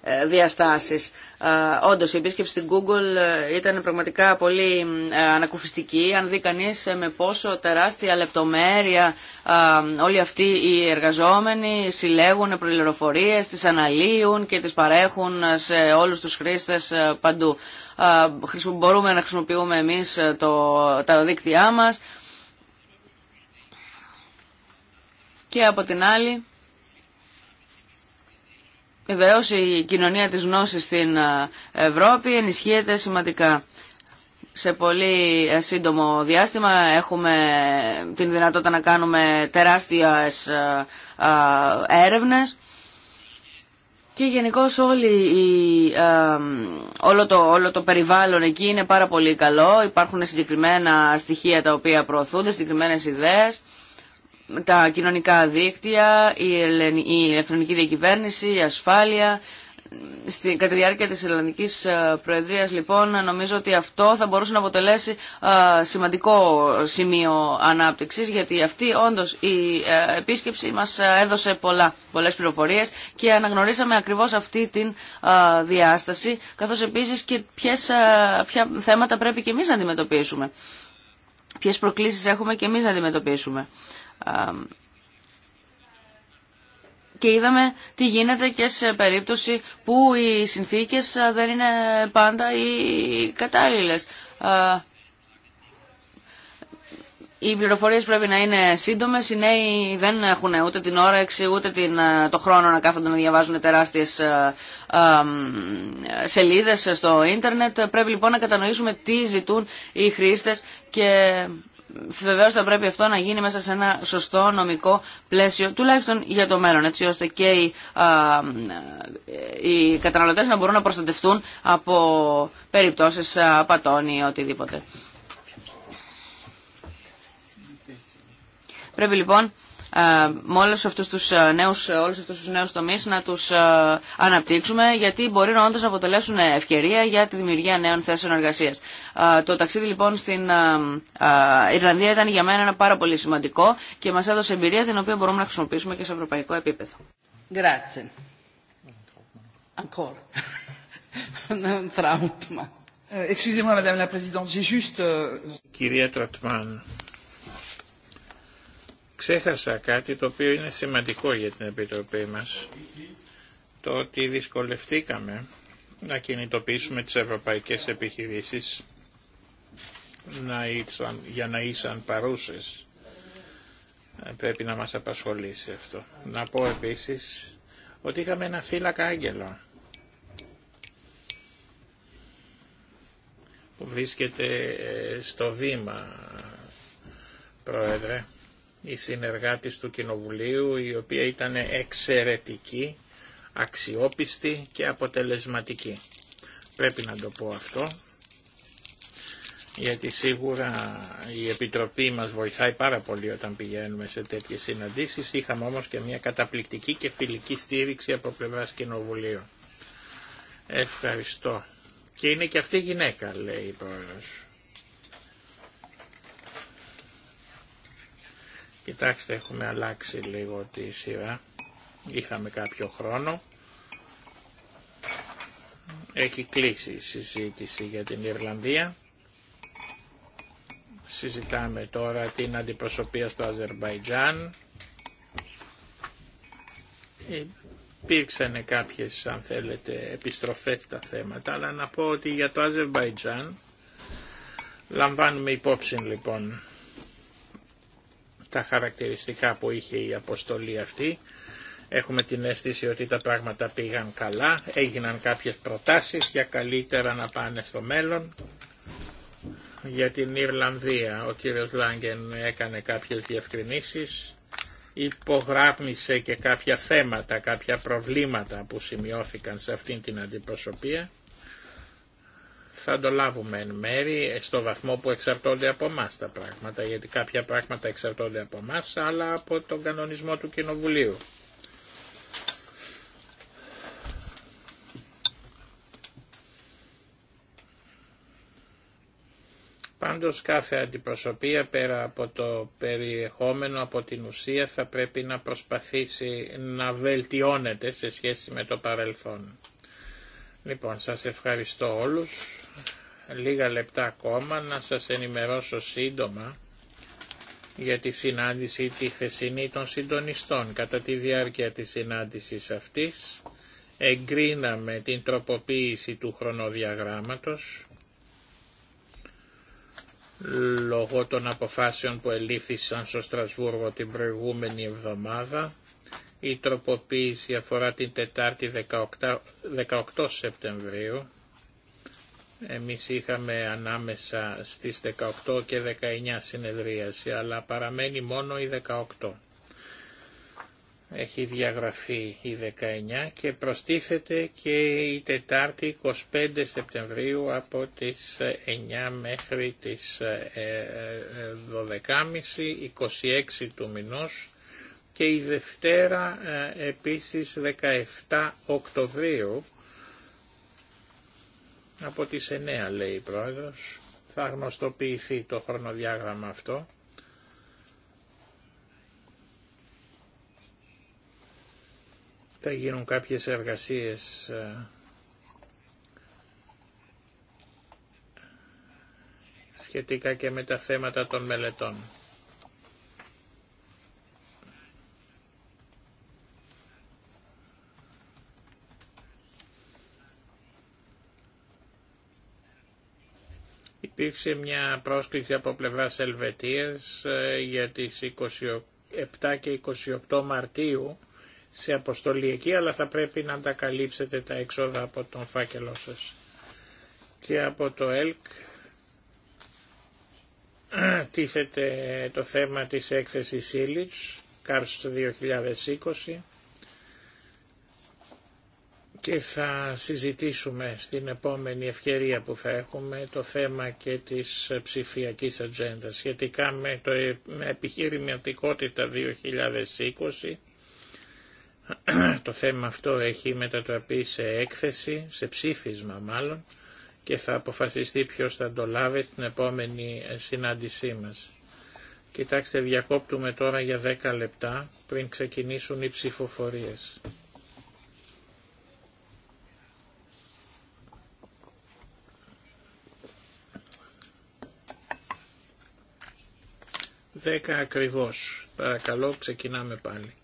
ε, διαστάσεις. Ε, Όντω η επίσκεψη στην Google ε, ήταν πραγματικά πολύ ανακουφιστική, αν δει κανεί με πόσο τεράστια λεπτομέρεια όλοι αυτοί οι εργαζόμενοι συλλέγουν προληροφορίε, τι αναλύουν και τι παρέχουν σε όλου του χρήστε παντού. Μπορούμε να χρησιμοποιούμε εμεί τα δίκτυά μα. και από την άλλη Βεβαίω η κοινωνία της γνώσης στην ε, Ευρώπη ενισχύεται σημαντικά. Σε πολύ ε, σύντομο διάστημα έχουμε ε, την δυνατότητα να κάνουμε τεράστιες έρευνες και γενικώ όλο, το, όλο το περιβάλλον εκεί είναι πάρα πολύ καλό. Υπάρχουν συγκεκριμένα στοιχεία τα οποία προωθούνται, συγκεκριμένες ιδέες τα κοινωνικά δίκτυα, η ηλεκτρονική διακυβέρνηση, η ασφάλεια. κατά τη διάρκεια της Ελληνικής ε, Προεδρίας λοιπόν νομίζω ότι αυτό θα μπορούσε να αποτελέσει ε, σημαντικό σημείο ανάπτυξης γιατί αυτή όντως η ε, επίσκεψη μας έδωσε πολλά, πολλές πληροφορίες και αναγνωρίσαμε ακριβώς αυτή την διάσταση καθώς επίσης και ποιες, ποια θέματα πρέπει και εμείς να αντιμετωπίσουμε ποιες προκλήσεις έχουμε και εμείς να αντιμετωπίσουμε και είδαμε τι γίνεται και σε περίπτωση που οι συνθήκες δεν είναι πάντα οι κατάλληλες. Οι πληροφορίες πρέπει να είναι σύντομες, οι νέοι δεν έχουν ούτε την όρεξη ούτε την, το χρόνο να κάθονται να διαβάζουν τεράστιες σελίδες στο ίντερνετ. Πρέπει λοιπόν να κατανοήσουμε τι ζητούν οι χρήστες και Βεβαίω θα πρέπει αυτό να γίνει μέσα σε ένα σωστό νομικό πλαίσιο, τουλάχιστον για το μέλλον, έτσι ώστε και οι, α, ε, καταναλωτές να μπορούν να προστατευτούν από περιπτώσεις πατών ή οτιδήποτε. Πρέπει λοιπόν ε, με όλους αυτούς τους ε, νέους, ε, όλους τους νέους τομείς να τους αναπτύξουμε γιατί μπορεί να όντω να αποτελέσουν ευκαιρία για τη δημιουργία νέων θέσεων εργασίας. Το ταξίδι λοιπόν στην Ιρλανδία ήταν για μένα ένα πάρα πολύ σημαντικό και μας έδωσε εμπειρία την οποία μπορούμε να χρησιμοποιήσουμε και σε ευρωπαϊκό επίπεδο. Grazie. Ancora. Excusez-moi, Madame la Présidente, j'ai juste... Euh, Ξέχασα κάτι το οποίο είναι σημαντικό για την Επιτροπή μας. Το ότι δυσκολευτήκαμε να κινητοποιήσουμε τις ευρωπαϊκές επιχειρήσεις να για να ήσαν παρούσες. Ε, πρέπει να μας απασχολήσει αυτό. Να πω επίσης ότι είχαμε ένα φύλακα άγγελο που βρίσκεται ε, στο βήμα, Πρόεδρε η συνεργάτης του Κοινοβουλίου, η οποία ήταν εξαιρετική, αξιόπιστη και αποτελεσματική. Πρέπει να το πω αυτό, γιατί σίγουρα η Επιτροπή μας βοηθάει πάρα πολύ όταν πηγαίνουμε σε τέτοιες συναντήσεις. Είχαμε όμως και μια καταπληκτική και φιλική στήριξη από πλευράς Κοινοβουλίου. Ευχαριστώ. Και είναι και αυτή η γυναίκα, λέει η πρόεδρος. Κοιτάξτε, έχουμε αλλάξει λίγο τη σειρά. Είχαμε κάποιο χρόνο. Έχει κλείσει η συζήτηση για την Ιρλανδία. Συζητάμε τώρα την αντιπροσωπεία στο Αζερβαϊτζάν. Υπήρξαν κάποιες, αν θέλετε, επιστροφές στα θέματα, αλλά να πω ότι για το Αζερβαϊτζάν λαμβάνουμε υπόψη λοιπόν τα χαρακτηριστικά που είχε η αποστολή αυτή. Έχουμε την αίσθηση ότι τα πράγματα πήγαν καλά, έγιναν κάποιες προτάσεις για καλύτερα να πάνε στο μέλλον. Για την Ιρλανδία ο κύριος Λάγκεν έκανε κάποιες διευκρινήσεις, υπογράμμισε και κάποια θέματα, κάποια προβλήματα που σημειώθηκαν σε αυτήν την αντιπροσωπεία θα το λάβουμε εν μέρη στο βαθμό που εξαρτώνται από εμά τα πράγματα, γιατί κάποια πράγματα εξαρτώνται από εμά, αλλά από τον κανονισμό του Κοινοβουλίου. Πάντως κάθε αντιπροσωπεία πέρα από το περιεχόμενο, από την ουσία θα πρέπει να προσπαθήσει να βελτιώνεται σε σχέση με το παρελθόν. Λοιπόν, σας ευχαριστώ όλους λίγα λεπτά ακόμα να σας ενημερώσω σύντομα για τη συνάντηση τη χθεσινή των συντονιστών. Κατά τη διάρκεια της συνάντησης αυτής εγκρίναμε την τροποποίηση του χρονοδιαγράμματος λόγω των αποφάσεων που ελήφθησαν στο Στρασβούργο την προηγούμενη εβδομάδα. Η τροποποίηση αφορά την Τετάρτη 18, 18 Σεπτεμβρίου εμείς είχαμε ανάμεσα στις 18 και 19 συνεδρίαση, αλλά παραμένει μόνο η 18. Έχει διαγραφεί η 19 και προστίθεται και η Τετάρτη 25 Σεπτεμβρίου από τις 9 μέχρι τις 12.30, ε, 26 ε, του μηνός και η Δευτέρα ε, επίσης 17 Οκτωβρίου από τις 9 λέει η πρόεδρος θα γνωστοποιηθεί το χρονοδιάγραμμα αυτό. Θα γίνουν κάποιες εργασίες ε, σχετικά και με τα θέματα των μελετών. υπήρξε μια πρόσκληση από Πλευρά Ελβετίας ε, για τις 27 και 28 Μαρτίου σε αποστολή εκεί, αλλά θα πρέπει να τα καλύψετε τα έξοδα από τον φάκελό σας. Και από το ΕΛΚ τίθεται το θέμα της έκθεσης Ήλιτς, Κάρστ 2020, και θα συζητήσουμε στην επόμενη ευκαιρία που θα έχουμε το θέμα και της ψηφιακής ατζέντα σχετικά με το ε, με επιχειρηματικότητα 2020 το θέμα αυτό έχει μετατραπεί σε έκθεση, σε ψήφισμα μάλλον, και θα αποφασιστεί ποιος θα το λάβει στην επόμενη ε, συνάντησή μας. Κοιτάξτε, διακόπτουμε τώρα για 10 λεπτά πριν ξεκινήσουν οι ψηφοφορίες. Δέκα ακριβώς. Παρακαλώ ξεκινάμε πάλι.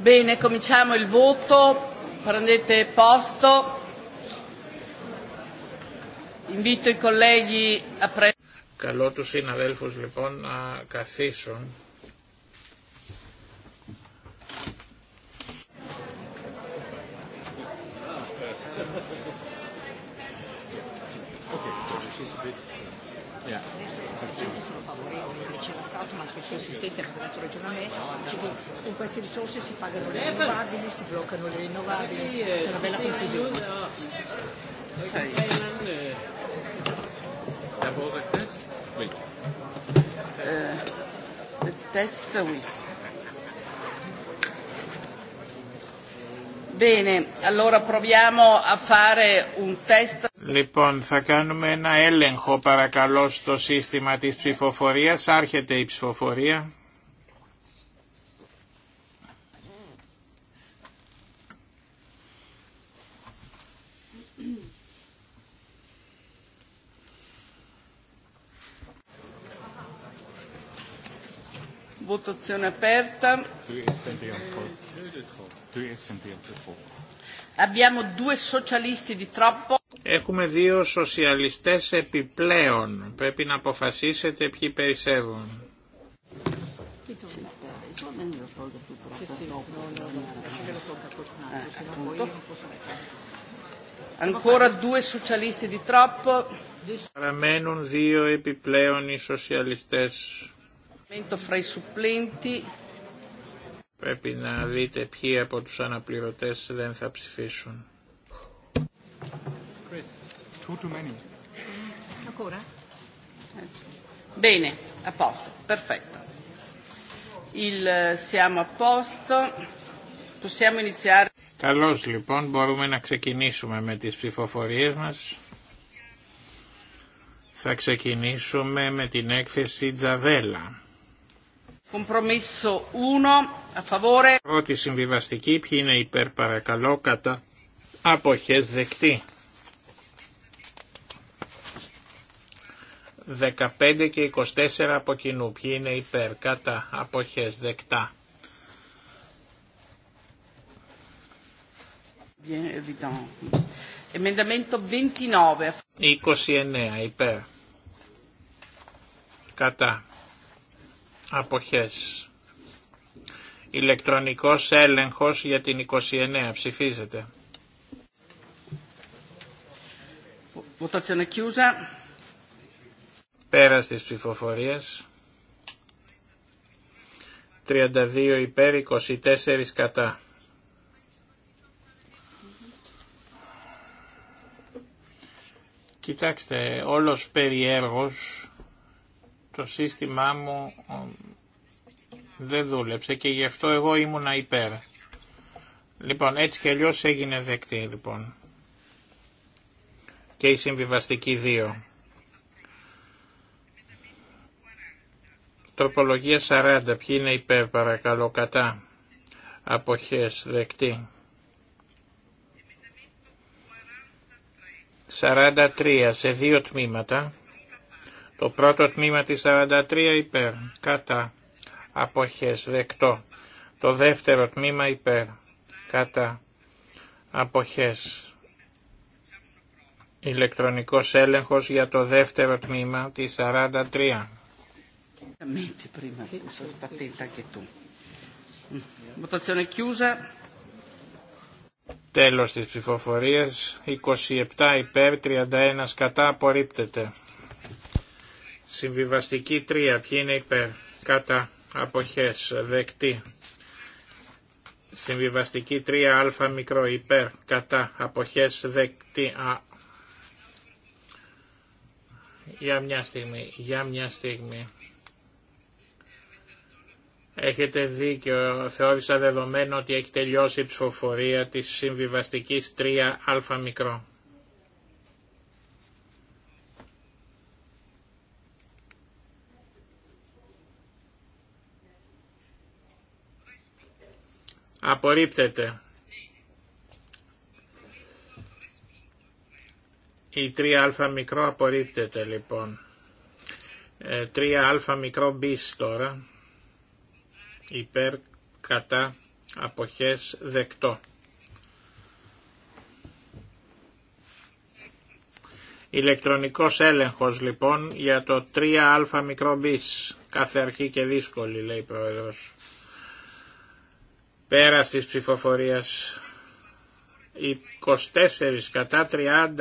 Bene, cominciamo il voto. Prendete posto. Invito i colleghi a prendere. Καλώ τους συναδέλφους λοιπόν να καθίσουν. risorse si pagano le rinnovabili, si bloccano le rinnovabili. C'è una bella confusione. Le test, oui. Bene, allora proviamo a fare un test. Λοιπόν, θα κάνουμε ένα έλεγχο παρακαλώ στο σύστημα της ψηφοφορίας. Άρχεται η ψηφοφορία. Votazione aperta. Abbiamo due socialisti di troppo. Έχουμε δύο σοσιαλιστές επιπλέον. Πρέπει να αποφασίσετε ποιοι περισσεύουν. Ancora due socialisti di troppo. Παραμένουν δύο επιπλέον οι σοσιαλιστές. Πρέπει να δείτε ποιοι από τους αναπληρωτές δεν θα ψηφίσουν. Bene, Καλώς λοιπόν μπορούμε να ξεκινήσουμε με τις ψηφοφορίες μας. Θα ξεκινήσουμε με την έκθεση Τζαβέλα. Compromesso 1, a favore. Πρώτη συμβιβαστική, ποιοι είναι υπέρ παρακαλώ, κατά αποχές δεκτή. 15 και 24 από κοινού, ποιοι είναι υπέρ, κατά αποχές δεκτά. 29. 29 υπέρ. Κατά αποχές. Ηλεκτρονικός έλεγχος για την 29. Ψηφίζεται. Πέρα στις ψηφοφορίες. 32 υπέρ, 24 κατά. Κοιτάξτε, όλος περιέργος το σύστημά μου δεν δούλεψε και γι' αυτό εγώ ήμουνα υπέρ. Λοιπόν, έτσι και αλλιώς έγινε δεκτή λοιπόν. Και η συμβιβαστική 2. Τροπολογία 40. Ποιοι είναι υπέρ παρακαλώ κατά. Αποχές δεκτή. 43 σε δύο τμήματα. Το πρώτο τμήμα της 43 υπέρ, κατά, αποχές, δεκτό. Το δεύτερο τμήμα υπέρ, κατά, αποχές. Ηλεκτρονικός έλεγχος για το δεύτερο τμήμα της 43. Τέλος της ψηφοφορίας, 27 υπέρ, 31 κατά, απορρίπτεται. Συμβιβαστική 3. Ποιοι είναι υπέρ. Κατά. Αποχές. Δεκτή. Συμβιβαστική 3α μικρό υπέρ. Κατά. Αποχές. Δεκτή. Α. Για μια στιγμή. Για μια στιγμή. Έχετε δίκιο. Θεώρησα δεδομένο ότι έχει τελειώσει η ψηφοφορία της συμβιβαστικής 3α μικρό. Απορρίπτεται. Η 3α μικρό απορρίπτεται λοιπόν. 3α ε, μικρό μπις τώρα. Υπέρ κατά αποχές δεκτό. Ηλεκτρονικός έλεγχος λοιπόν για το 3α μικρό μπις. Κάθε αρχή και δύσκολη λέει η Πέρα της ψηφοφορίας 24 κατά 30,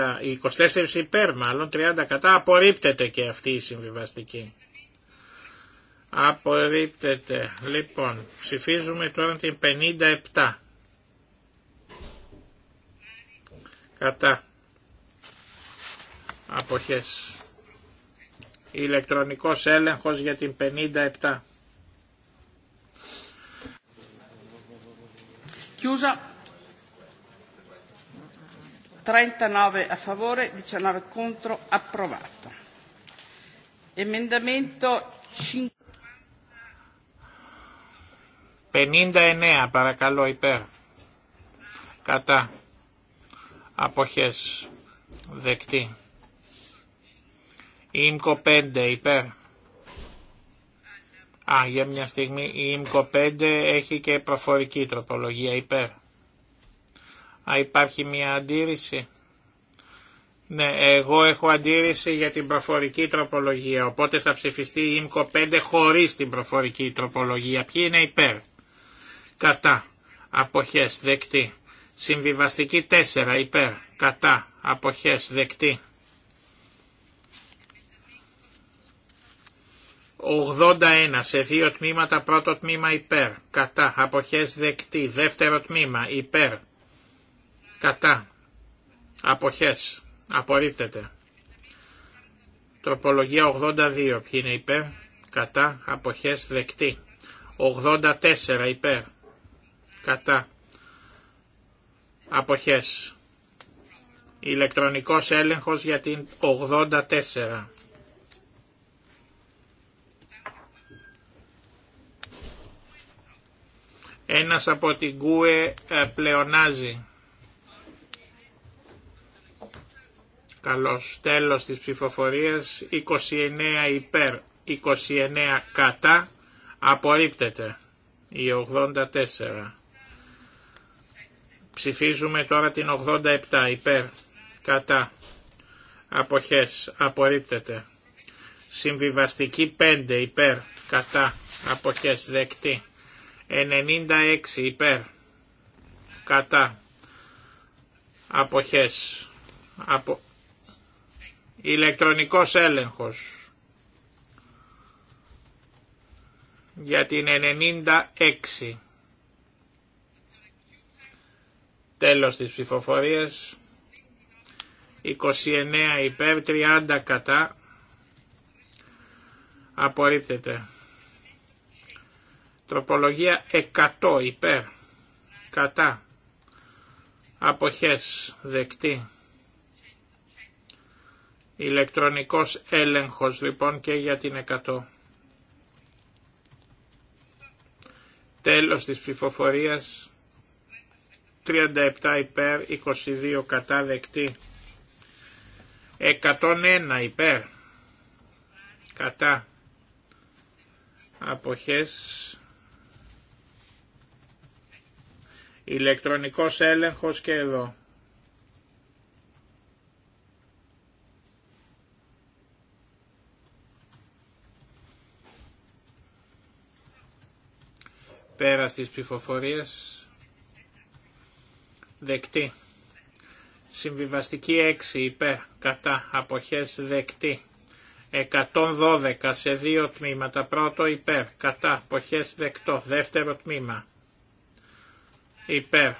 24 υπέρ μάλλον, 30 κατά, απορρίπτεται και αυτή η συμβιβαστική. Απορρίπτεται. Λοιπόν, ψηφίζουμε τώρα την 57. Κατά. Αποχές. Ηλεκτρονικός έλεγχος για την 57. chiusa. 39 a favore, 19 contro, approvato. Emendamento 50. 59 παρακαλώ υπέρ. Κατά. Αποχές. Δεκτή. Ήμκο 5 υπέρ. Α, για μια στιγμή η ΙΜΚΟ 5 έχει και προφορική τροπολογία υπέρ. Α, υπάρχει μια αντίρρηση. Ναι, εγώ έχω αντίρρηση για την προφορική τροπολογία, οπότε θα ψηφιστεί η ΙΜΚΟ 5 χωρίς την προφορική τροπολογία. Ποιοι είναι υπέρ. Κατά. Αποχές δεκτή. Συμβιβαστική 4 υπέρ. Κατά. Αποχές δεκτή. 81 σε δύο τμήματα, πρώτο τμήμα υπέρ, κατά, αποχές δεκτή, δεύτερο τμήμα υπέρ, κατά, αποχές, απορρίπτεται. Τροπολογία 82, ποιοι είναι υπέρ, κατά, αποχές δεκτή. 84 υπέρ, κατά, αποχές. Ηλεκτρονικός έλεγχος για την 84. Ένας από την ΚΟΕ ε, πλεονάζει. Καλώς τέλος της ψηφοφορίας 29 υπέρ, 29 κατά, απορρίπτεται η 84. Ψηφίζουμε τώρα την 87 υπέρ, κατά, αποχές, απορρίπτεται. Συμβιβαστική 5 υπέρ, κατά, αποχές, δεκτή. 96 υπέρ κατά αποχές από ηλεκτρονικός έλεγχος για την 96 τέλος της ψηφοφορίας 29 υπέρ 30 κατά απορρίπτεται Τροπολογία 100 υπέρ. Κατά. Αποχές δεκτή. Ηλεκτρονικός έλεγχος λοιπόν και για την 100. Τέλος της ψηφοφορία 37 υπέρ, 22 κατά δεκτή. 101 υπέρ. Κατά. Αποχές Ηλεκτρονικός έλεγχος και εδώ. Πέρα στις ψηφοφορίες. Δεκτή. Συμβιβαστική 6 υπέρ κατά αποχές δεκτή. 112 σε δύο τμήματα. Πρώτο υπέρ κατά αποχές δεκτό. Δεύτερο τμήμα υπέρ.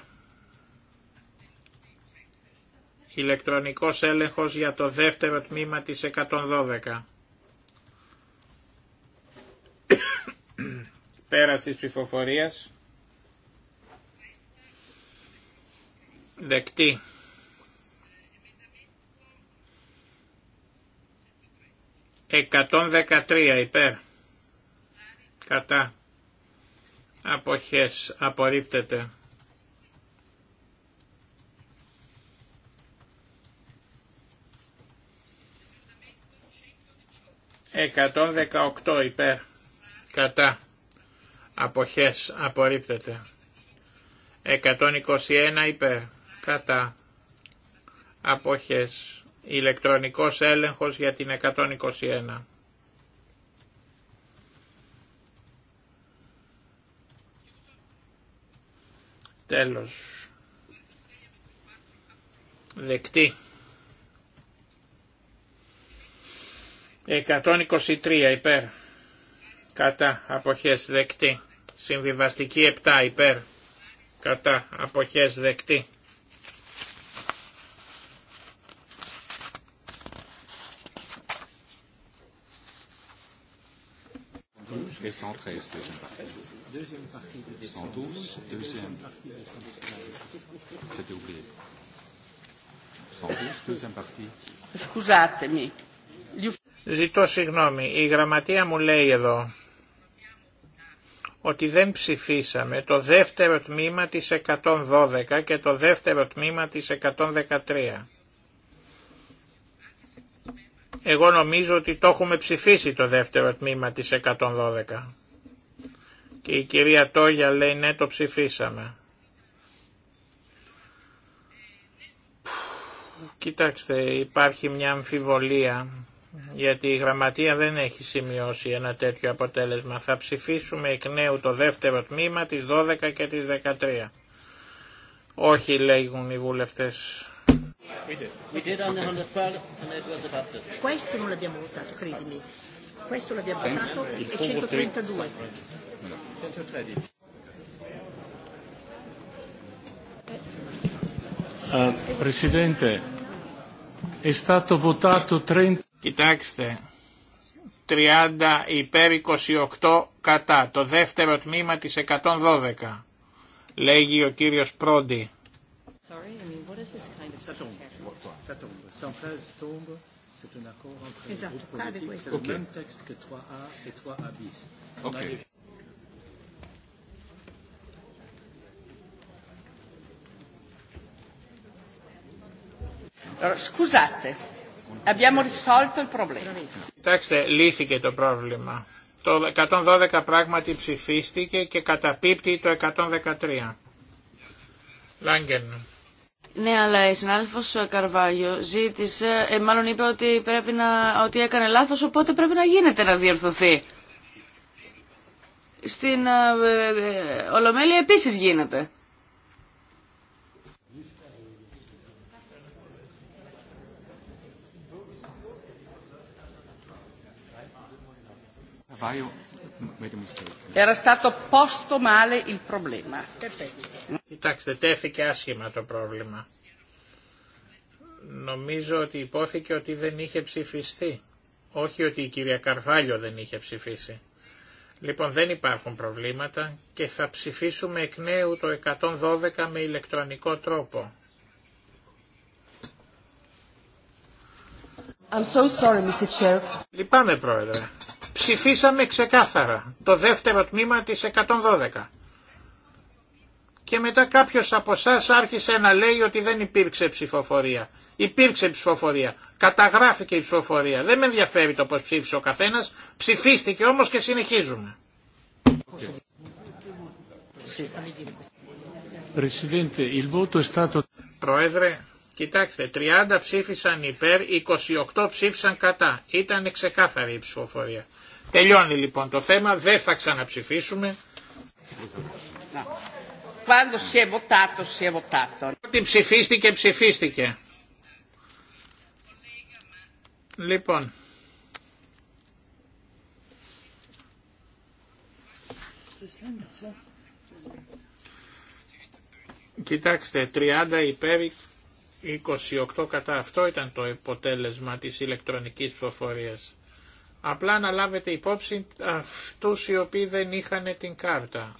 Ηλεκτρονικός έλεγχος για το δεύτερο τμήμα της 112. Πέρας της ψηφοφορία. Δεκτή. 113 υπέρ. Κατά. Αποχές. Απορρίπτεται. 118 υπέρ κατά αποχές απορρίπτεται 121 υπέρ κατά αποχές ηλεκτρονικός έλεγχος για την 121 Τέλος. Δεκτή. 123 υπέρ. Κατά αποχές δεκτή. Συμβιβαστική 7 υπέρ. Κατά αποχές δεκτή. 112, Ζητώ συγγνώμη, η γραμματεία μου λέει εδώ ότι δεν ψηφίσαμε το δεύτερο τμήμα της 112 και το δεύτερο τμήμα της 113. Εγώ νομίζω ότι το έχουμε ψηφίσει το δεύτερο τμήμα της 112. Και η κυρία Τόγια λέει ναι το ψηφίσαμε. Κοιτάξτε υπάρχει μια αμφιβολία γιατί η γραμματεία δεν έχει σημειώσει ένα τέτοιο αποτέλεσμα. Θα ψηφίσουμε εκ νέου το δεύτερο τμήμα, τις 12 και τις 13. Όχι, λέγουν οι βουλευτές. 112 Questo non l'abbiamo votato, credimi. Questo l'abbiamo votato e 132. 113. Eh, Presidente, è stato votato 30... Κοιτάξτε, 30 υπέρ 28 κατά, το δεύτερο τμήμα της 112, λέγει ο κύριος Πρόντι. Scusate. Abbiamo risolto il problema. Κοιτάξτε, λύθηκε το πρόβλημα. Το 112 πράγματι ψηφίστηκε και καταπίπτει το 113. Λάγκεν. Ναι, αλλά η συνάδελφο Καρβάγιο ζήτησε, ε, μάλλον είπε ότι, πρέπει να, ότι έκανε λάθο, οπότε πρέπει να γίνεται να διορθωθεί. Στην ε, ε, ε Ολομέλεια επίση γίνεται. Era stato Κοιτάξτε, τέθηκε άσχημα το πρόβλημα. Νομίζω ότι υπόθηκε ότι δεν είχε ψηφιστεί. Όχι ότι η κυρία Καρβάλιο δεν είχε ψηφίσει. Λοιπόν, δεν υπάρχουν προβλήματα και θα ψηφίσουμε εκ νέου το 112 με ηλεκτρονικό τρόπο. I'm so sorry, Mrs. Chair. Λυπάμαι, Πρόεδρε ψηφίσαμε ξεκάθαρα το δεύτερο τμήμα της 112. Και μετά κάποιος από εσά άρχισε να λέει ότι δεν υπήρξε ψηφοφορία. Υπήρξε ψηφοφορία. Καταγράφηκε η ψηφοφορία. Δεν με ενδιαφέρει το πώς ψήφισε ο καθένας. Ψηφίστηκε όμως και συνεχίζουμε. Πρόεδρε, Κοιτάξτε, 30 ψήφισαν υπέρ, 28 ψήφισαν κατά. Ήταν ξεκάθαρη η ψηφοφορία. Τελειώνει λοιπόν το θέμα, δεν θα ξαναψηφίσουμε. Quando si Ότι ψηφίστηκε, ψηφίστηκε. Λοιπόν. Κοιτάξτε, 30 υπέρ 28 κατά αυτό ήταν το αποτέλεσμα της ηλεκτρονικής ψηφοφορίας. Απλά να λάβετε υπόψη αυτούς οι οποίοι δεν είχαν την κάρτα.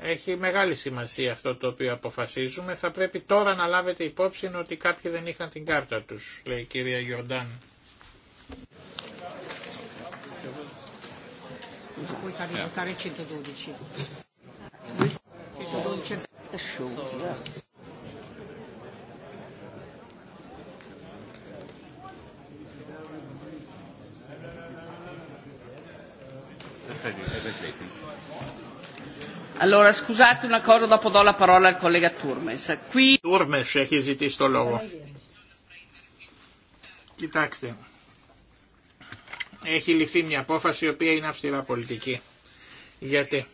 Έχει μεγάλη σημασία αυτό το οποίο αποφασίζουμε. Θα πρέπει τώρα να λάβετε υπόψη ότι κάποιοι δεν είχαν την κάρτα τους, λέει η κυρία Γιορντάν. Yeah. Allora, έχει ζητήσει το λόγο. Κοιτάξτε, έχει ληφθεί μια απόφαση η οποία είναι αυστηρά πολιτική. Γιατί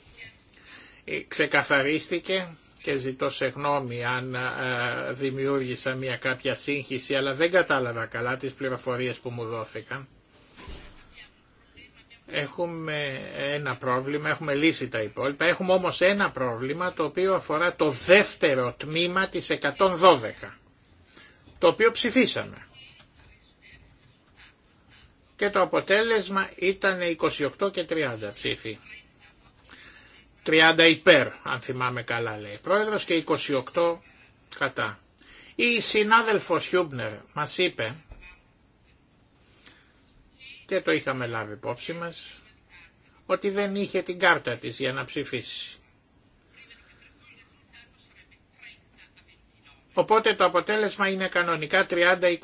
ε, ξεκαθαρίστηκε και ζητώ σε γνώμη αν ε, δημιούργησα μια κάποια σύγχυση, αλλά δεν κατάλαβα καλά τις πληροφορίες που μου δόθηκαν Έχουμε ένα πρόβλημα, έχουμε λύσει τα υπόλοιπα. Έχουμε όμως ένα πρόβλημα το οποίο αφορά το δεύτερο τμήμα της 112, το οποίο ψηφίσαμε. Και το αποτέλεσμα ήταν 28 και 30 ψήφοι. 30 υπέρ, αν θυμάμαι καλά λέει πρόεδρος, και 28 κατά. Η συνάδελφος Χιούμπνερ μας είπε και το είχαμε λάβει υπόψη μας, ότι δεν είχε την κάρτα της για να ψηφίσει. Οπότε το αποτέλεσμα είναι κανονικά 30-29.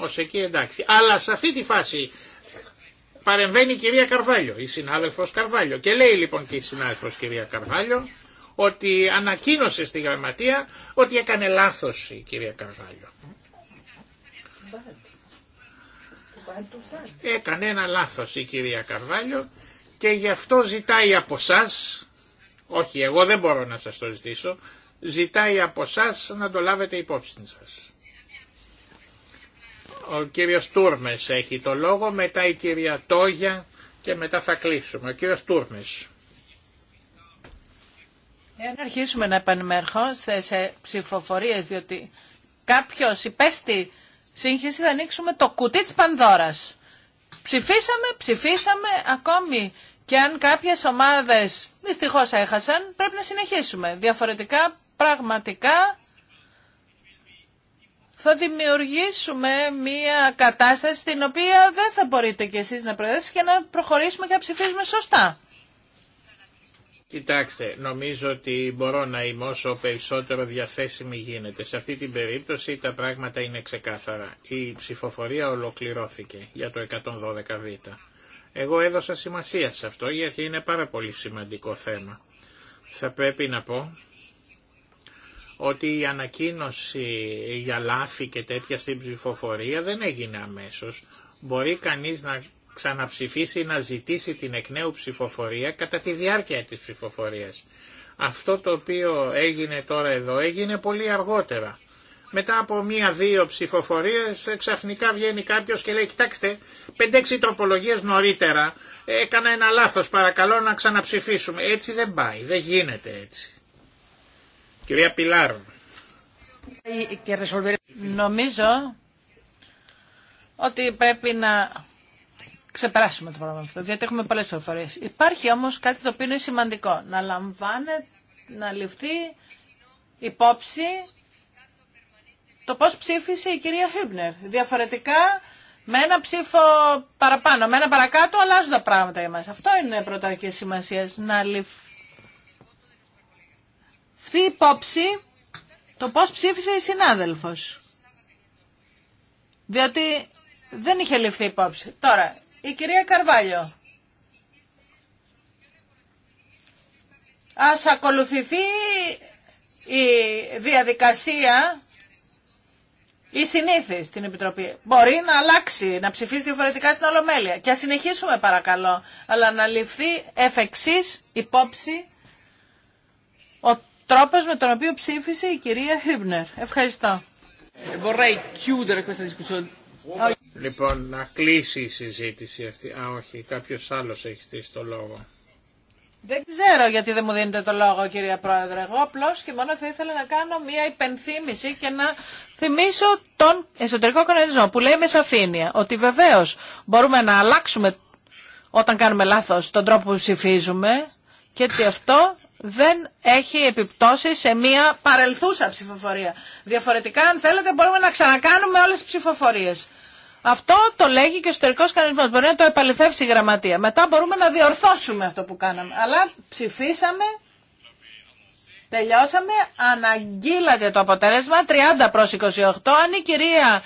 Ως εκεί εντάξει. Αλλά σε αυτή τη φάση παρεμβαίνει η κυρία Καρβάλιο, η συνάδελφος Καρβάλιο. Και λέει λοιπόν και η συνάδελφος κυρία Καρβάλιο ότι ανακοίνωσε στη γραμματεία ότι έκανε λάθος η κυρία Καρβάλιο. Έκανε ένα λάθος η κυρία Καρβάλιο και γι' αυτό ζητάει από εσά, όχι εγώ δεν μπορώ να σας το ζητήσω, ζητάει από εσά να το λάβετε υπόψη σας. Ο κύριος Τούρμες έχει το λόγο, μετά η κυρία Τόγια και μετά θα κλείσουμε. Ο κύριος Τούρμες. Εάν αρχίσουμε να επανεμερχόμαστε σε ψηφοφορίες, διότι κάποιος υπέστη σύγχυση θα ανοίξουμε το κουτί της Πανδώρας. Ψηφίσαμε, ψηφίσαμε, ακόμη και αν κάποιες ομάδες δυστυχώς έχασαν, πρέπει να συνεχίσουμε. Διαφορετικά, πραγματικά, θα δημιουργήσουμε μια κατάσταση την οποία δεν θα μπορείτε κι εσείς να προεδρεύσετε και να προχωρήσουμε και να ψηφίσουμε σωστά. Κοιτάξτε, νομίζω ότι μπορώ να είμαι όσο περισσότερο διαθέσιμη γίνεται. Σε αυτή την περίπτωση τα πράγματα είναι ξεκάθαρα. Η ψηφοφορία ολοκληρώθηκε για το 112β. Εγώ έδωσα σημασία σε αυτό γιατί είναι πάρα πολύ σημαντικό θέμα. Θα πρέπει να πω ότι η ανακοίνωση για λάθη και τέτοια στην ψηφοφορία δεν έγινε αμέσως. Μπορεί κανείς να ξαναψηφίσει να ζητήσει την εκ νέου ψηφοφορία κατά τη διάρκεια της ψηφοφορίας. Αυτό το οποίο έγινε τώρα εδώ έγινε πολύ αργότερα. Μετά από μία-δύο ψηφοφορίες ε, ξαφνικά βγαίνει κάποιος και λέει πεντέξι τροπολογίες νωρίτερα ε, έκανα ένα λάθος, παρακαλώ να ξαναψηφίσουμε». Έτσι δεν πάει, δεν γίνεται έτσι. Κυρία Πιλάρου. Νομίζω ότι πρέπει να ξεπεράσουμε το πρόβλημα αυτό, διότι έχουμε πολλές προφορίες. Υπάρχει όμως κάτι το οποίο είναι σημαντικό, να λαμβάνεται, να ληφθεί υπόψη το πώς ψήφισε η κυρία Χίμπνερ. Διαφορετικά με ένα ψήφο παραπάνω, με ένα παρακάτω αλλάζουν τα πράγματα για μας. Αυτό είναι πρωταρχική σημασία, να ληφθεί υπόψη το πώς ψήφισε η συνάδελφος. Διότι δεν είχε ληφθεί υπόψη. Τώρα, η κυρία Καρβάλιο. Ας ακολουθηθεί η διαδικασία η συνήθι στην Επιτροπή. Μπορεί να αλλάξει, να ψηφίσει διαφορετικά στην Ολομέλεια. Και ας συνεχίσουμε παρακαλώ, αλλά να ληφθεί εφ' εξής υπόψη ο τρόπος με τον οποίο ψήφισε η κυρία Χίμπνερ. Ευχαριστώ. Ε, Λοιπόν, να κλείσει η συζήτηση αυτή. Α, όχι, κάποιος άλλος έχει στήσει το λόγο. Δεν ξέρω γιατί δεν μου δίνετε το λόγο, κυρία Πρόεδρε. Εγώ απλώ και μόνο θα ήθελα να κάνω μία υπενθύμηση και να θυμίσω τον εσωτερικό κανονισμό που λέει με σαφήνεια ότι βεβαίω μπορούμε να αλλάξουμε όταν κάνουμε λάθο τον τρόπο που ψηφίζουμε και ότι αυτό δεν έχει επιπτώσει σε μία παρελθούσα ψηφοφορία. Διαφορετικά, αν θέλετε, μπορούμε να ξανακάνουμε όλε τι ψηφοφορίε. Αυτό το λέγει και ο ιστορικό κανονισμό. Μπορεί να το επαληθεύσει η γραμματεία. Μετά μπορούμε να διορθώσουμε αυτό που κάναμε. Αλλά ψηφίσαμε, τελειώσαμε, αναγγείλατε το αποτέλεσμα 30 προ 28. Αν η κυρία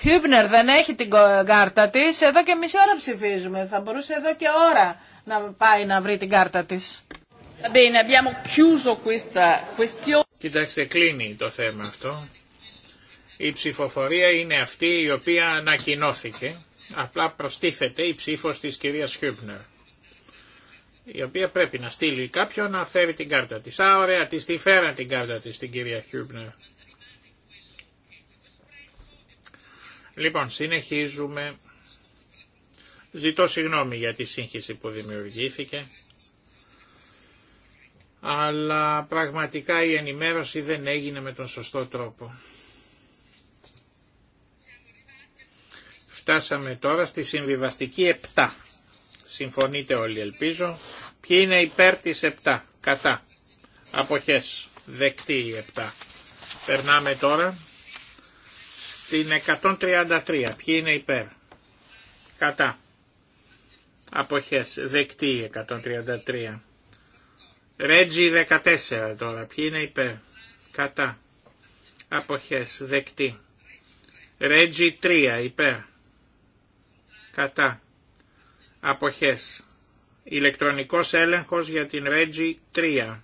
Χιούμπνερ δεν έχει την κάρτα τη, εδώ και μισή ώρα ψηφίζουμε. Θα μπορούσε εδώ και ώρα να πάει να βρει την κάρτα τη. Κοιτάξτε, κλείνει το θέμα αυτό. Η ψηφοφορία είναι αυτή η οποία ανακοινώθηκε, απλά προστίθεται η ψήφος της κυρίας Χιούμπνερ, η οποία πρέπει να στείλει κάποιον να φέρει την κάρτα της. Α, ωραία, της τη την κάρτα της την κυρία Χιούμπνερ. Λοιπόν, συνεχίζουμε. Ζητώ συγγνώμη για τη σύγχυση που δημιουργήθηκε, αλλά πραγματικά η ενημέρωση δεν έγινε με τον σωστό τρόπο. Φτάσαμε τώρα στη συμβιβαστική 7. Συμφωνείτε όλοι ελπίζω. Ποιοι είναι υπέρ της 7. Κατά. Αποχές. Δεκτή η 7. Περνάμε τώρα στην 133. Ποιοι είναι υπέρ. Κατά. Αποχές. Δεκτή η 133. Ρέτζι 14 τώρα. Ποιοι είναι υπέρ. Κατά. Αποχές. Δεκτή. Ρέτζι 3 υπέρ κατά αποχές ηλεκτρονικός έλεγχος για την Regi 3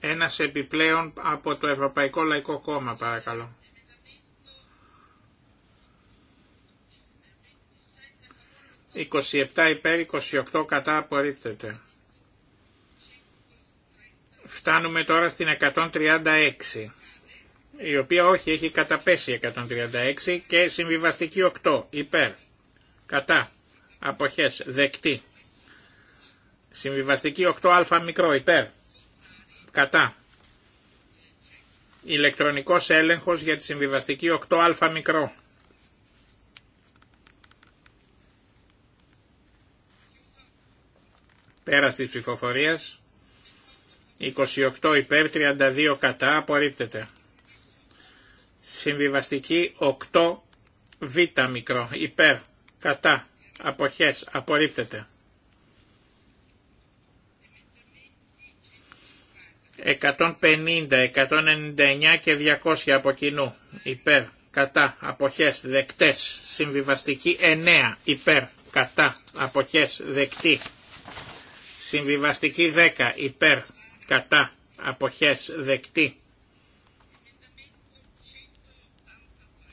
ένας επιπλέον από το Ευρωπαϊκό Λαϊκό Κόμμα παρακαλώ. «27 υπέρ 28 κατά απορρίπτεται». Φτάνουμε τώρα στην 136, η οποία όχι έχει καταπέσει 136 και συμβιβαστική 8, υπέρ, κατά, αποχές, δεκτή. Συμβιβαστική 8α μικρό, υπέρ, κατά. Ηλεκτρονικός έλεγχος για τη συμβιβαστική 8α μικρό. Πέρα της ψηφοφορίας. 28 υπέρ 32 κατά απορρίπτεται. Συμβιβαστική 8 β μικρό υπέρ κατά αποχές απορρίπτεται. 150, 199 και 200 από κοινού υπέρ κατά αποχές δεκτές. Συμβιβαστική 9 υπέρ κατά αποχές δεκτή. Συμβιβαστική 10 υπέρ κατά, αποχές, δεκτή.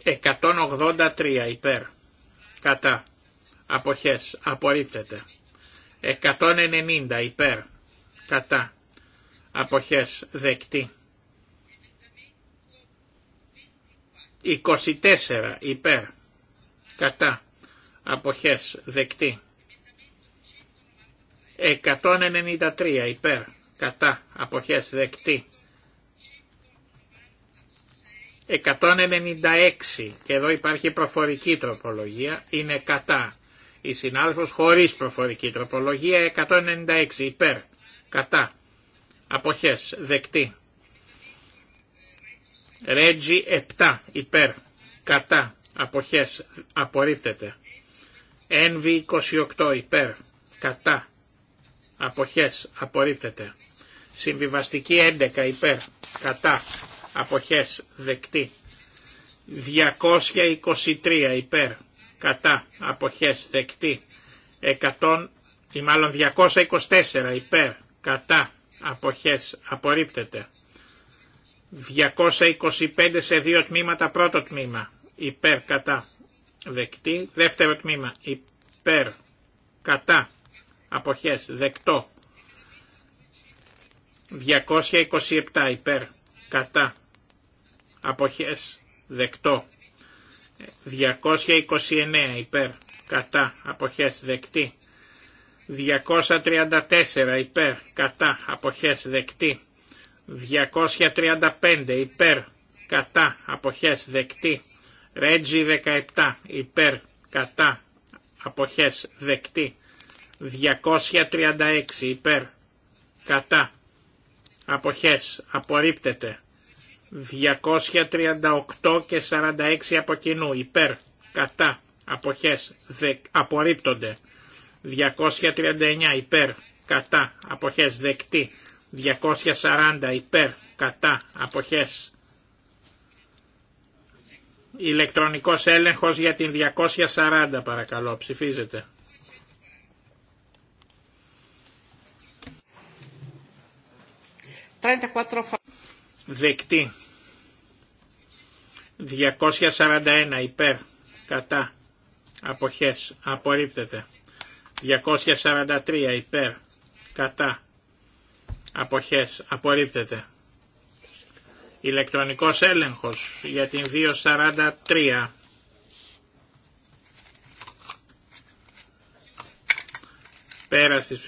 183 υπέρ, κατά, αποχές, απορρίπτεται. 190 υπέρ, κατά, αποχές, δεκτή. 24 υπέρ, κατά, αποχές, δεκτή. 193 υπέρ, κατά αποχές δεκτή. 196 και εδώ υπάρχει προφορική τροπολογία, είναι κατά. Η συνάδελφος χωρίς προφορική τροπολογία 196 υπέρ, κατά, αποχές, δεκτή. Ρέτζι 7 υπέρ, κατά, αποχές, απορρίπτεται. Ένβι 28 υπέρ, κατά, αποχές, απορρίπτεται. Συμβιβαστική 11 υπέρ κατά αποχές δεκτή. 223 υπέρ κατά αποχές δεκτή. 100 ή μάλλον 224 υπέρ κατά αποχές απορρίπτεται. 225 σε δύο τμήματα πρώτο τμήμα υπέρ κατά δεκτή. Δεύτερο τμήμα υπέρ κατά αποχές δεκτό. 227 υπέρ, κατά, αποχές, δεκτό. 229 υπέρ, κατά, αποχές, δεκτή. 234 υπέρ, κατά, αποχές, δεκτή. 235 υπέρ, κατά, αποχές, δεκτή. Ρέτζι 17 υπέρ, κατά, αποχές, δεκτή. 236 υπέρ, κατά, Αποχές. Απορρίπτεται. 238 και 46 από κοινού. Υπέρ. Κατά. Αποχές. Δε, απορρίπτονται. 239 υπέρ. Κατά. Αποχές. Δεκτή. 240 υπέρ. Κατά. Αποχές. Ηλεκτρονικός έλεγχος για την 240 παρακαλώ. Ψηφίζεται. 34 Δεκτή. 241 υπέρ. Κατά. Αποχές. Απορρίπτεται. 243 υπέρ. Κατά. Αποχές. Απορρίπτεται. Ηλεκτρονικός έλεγχος για την 243. πέρα στις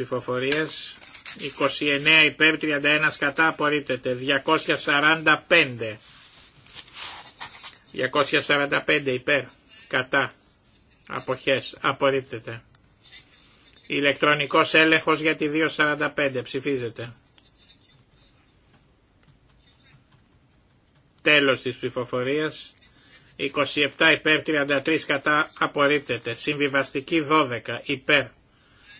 29 υπέρ 31 κατά απορρίπτεται. 245. 245 υπέρ κατά αποχές απορρίπτεται. Ηλεκτρονικός έλεγχος για τη 245 ψηφίζεται. Τέλος της ψηφοφορίας. 27 υπέρ 33 κατά απορρίπτεται. Συμβιβαστική 12 υπέρ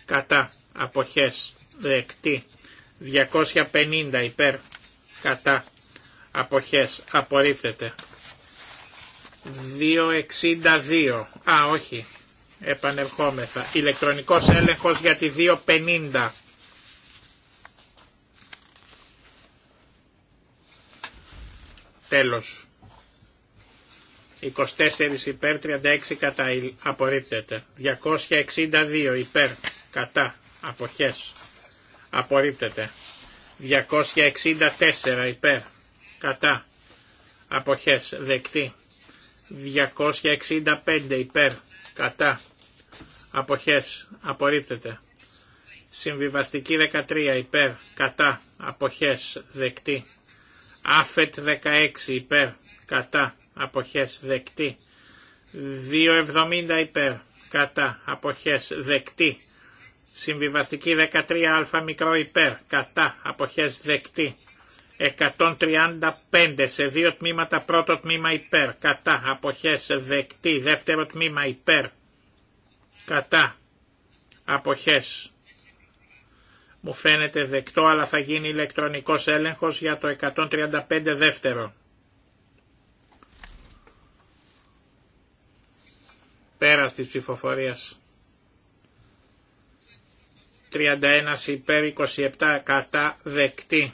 κατά αποχές δεκτή 250 υπέρ κατά αποχές απορρίπτεται 262 α όχι επανερχόμεθα ηλεκτρονικός έλεγχος για τη 250 τέλος 24 υπέρ 36 κατά απορρίπτεται 262 υπέρ κατά αποχές Απορρίπτεται. 264 υπέρ. Κατά. Αποχές. Δεκτή. 265 υπέρ. Κατά. Αποχές. Απορρίπτεται. Συμβιβαστική 13 υπέρ. Κατά. Αποχές. Δεκτή. Άφετ 16 υπέρ. Κατά. Αποχές. Δεκτή. 270 υπέρ. Κατά. Αποχές. Δεκτή. Συμβιβαστική 13α μικρό υπέρ, κατά, αποχές δεκτή. 135 σε δύο τμήματα, πρώτο τμήμα υπέρ, κατά, αποχές δεκτή, δεύτερο τμήμα υπέρ, κατά, αποχές. Μου φαίνεται δεκτό, αλλά θα γίνει ηλεκτρονικός έλεγχος για το 135 δεύτερο. Πέρα της ψηφοφορίας. 31 υπέρ 27 κατά δεκτή.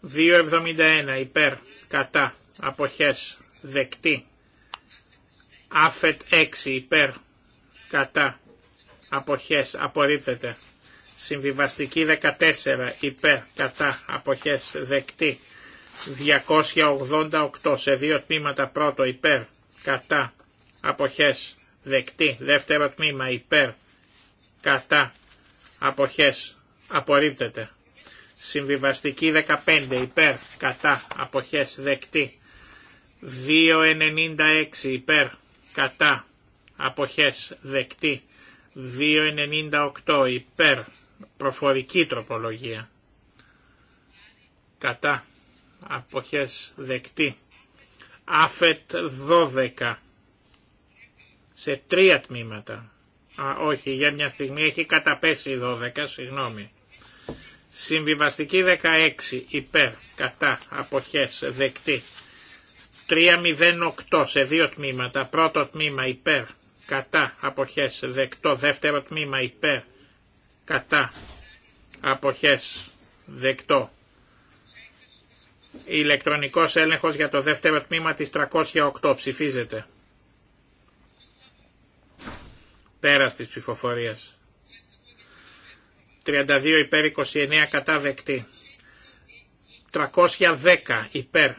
Δύο υπέρ κατά αποχές δεκτή. Άφετ 6 υπέρ κατά αποχές απορρίπτεται. Συμβιβαστική 14 υπέρ κατά αποχές δεκτή. 288 σε δύο τμήματα πρώτο υπέρ κατά αποχές δεκτή, δεύτερο τμήμα υπέρ, κατά, αποχές, απορρίπτεται. Συμβιβαστική 15 υπέρ, κατά, αποχές, δεκτή. 2.96 υπέρ, κατά, αποχές, δεκτή. 2.98 υπέρ, προφορική τροπολογία. Κατά, αποχές, δεκτή. Άφετ 12 σε τρία τμήματα. Α, όχι, για μια στιγμή έχει καταπέσει η 12, συγγνώμη. Συμβιβαστική 16, υπέρ, κατά, αποχές, δεκτή. 308 σε δύο τμήματα. Πρώτο τμήμα υπέρ, κατά, αποχές, δεκτό. Δεύτερο τμήμα υπέρ, κατά, αποχές, δεκτό. Ηλεκτρονικός έλεγχος για το δεύτερο τμήμα της 308 ψηφίζεται. Πέρας ψηφοφορίας. 32 υπέρ 29 κατά δεκτή. 310 υπέρ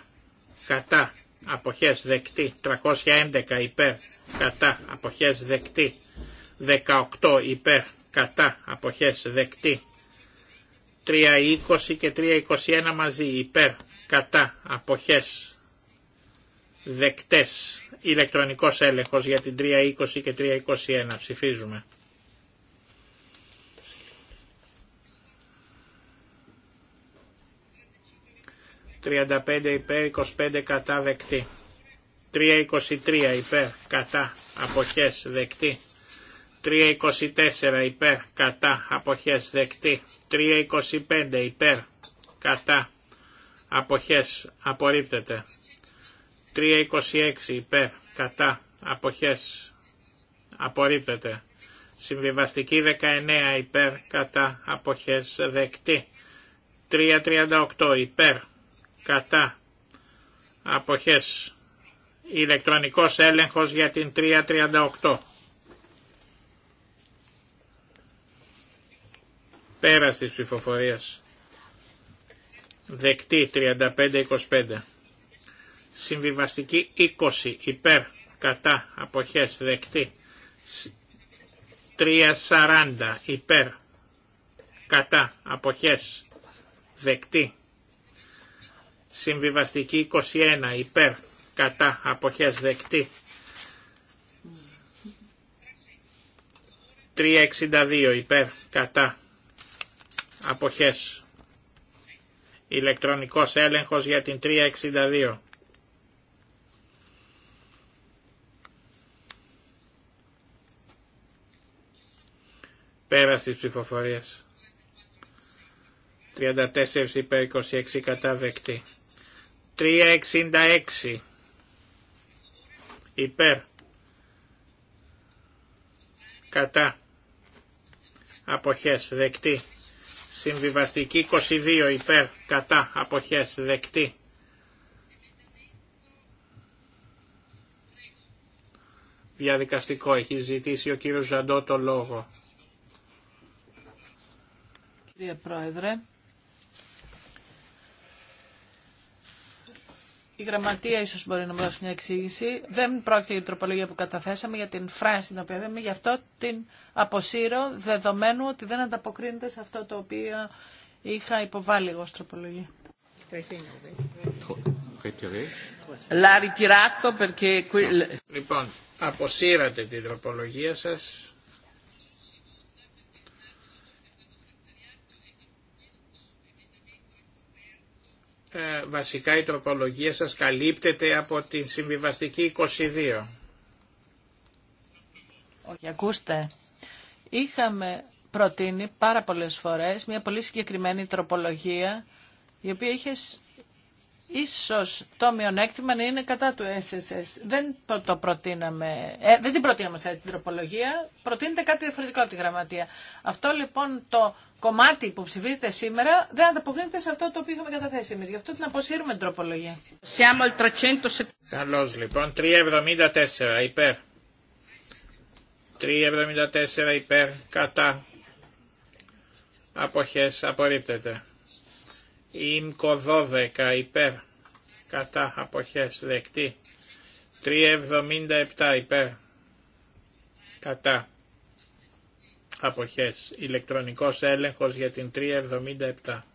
κατά αποχές δεκτή. 311 υπέρ κατά αποχές δεκτή. 18 υπέρ κατά αποχές δεκτή. 320 και 321 μαζί υπέρ κατά αποχές δεκτές. Ηλεκτρονικός έλεγχος για την 320 και 321. Ψηφίζουμε. ...35 υπέρ, 25 κατά δεκτή. 3.23 υπέρ, κατά, αποχές, δεκτή. 3.24 υπέρ, κατά, αποχές, δεκτή. 3.25 υπέρ, κατά, αποχές, απορρίπτεται. 326 υπέρ, κατά, αποχές, απορρίπτεται. Συμβιβαστική 19 υπέρ, κατά, αποχές, δεκτή. 338 υπέρ, κατά, αποχές, ηλεκτρονικός έλεγχος για την 338. πέρα της ψηφοφορίας. Δεκτή 35-25. Συμβιβαστική 20 υπέρ κατά αποχές δεκτή. 340 υπέρ κατά αποχές δεκτή. Συμβιβαστική 21 υπέρ κατά αποχές δεκτή. 362 υπέρ κατά αποχές. Ηλεκτρονικός έλεγχος για την 362. Πέρασε της ψηφοφορίας. 34 υπέρ 26 κατά δεκτή. 366 υπέρ κατά αποχές δεκτή. Συμβιβαστική 22 υπέρ κατά αποχές δεκτή. Διαδικαστικό έχει ζητήσει ο κύριος Ζαντό το λόγο. Κύριε Πρόεδρε, η Γραμματεία ίσως μπορεί να μου δώσει μια εξήγηση. Δεν πρόκειται για την τροπολογία που καταθέσαμε, για την φράση την οποία δεν γι' αυτό την αποσύρω, δεδομένου ότι δεν ανταποκρίνεται σε αυτό το οποίο είχα υποβάλει εγώ στην τροπολογία. Λοιπόν, αποσύρατε την τροπολογία σας βασικά η τροπολογία σας καλύπτεται από την συμβιβαστική 22. Όχι, ακούστε. Είχαμε προτείνει πάρα πολλές φορές μια πολύ συγκεκριμένη τροπολογία η οποία είχε ίσως το μειονέκτημα είναι κατά του SSS. Δεν, το, το προτείναμε, ε, δεν την προτείναμε σε την τροπολογία, προτείνεται κάτι διαφορετικό από τη γραμματεία. Αυτό λοιπόν το κομμάτι που ψηφίζεται σήμερα δεν ανταποκρίνεται σε αυτό το οποίο είχαμε καταθέσει εμείς. Γι' αυτό την αποσύρουμε την τροπολογία. Καλώς λοιπόν, 374 υπέρ. 374 υπέρ, κατά. Αποχές απορρίπτεται. Ήμκο 12 υπέρ κατά αποχές δεκτή. 377 υπέρ κατά αποχές. Ηλεκτρονικός έλεγχος για την 377.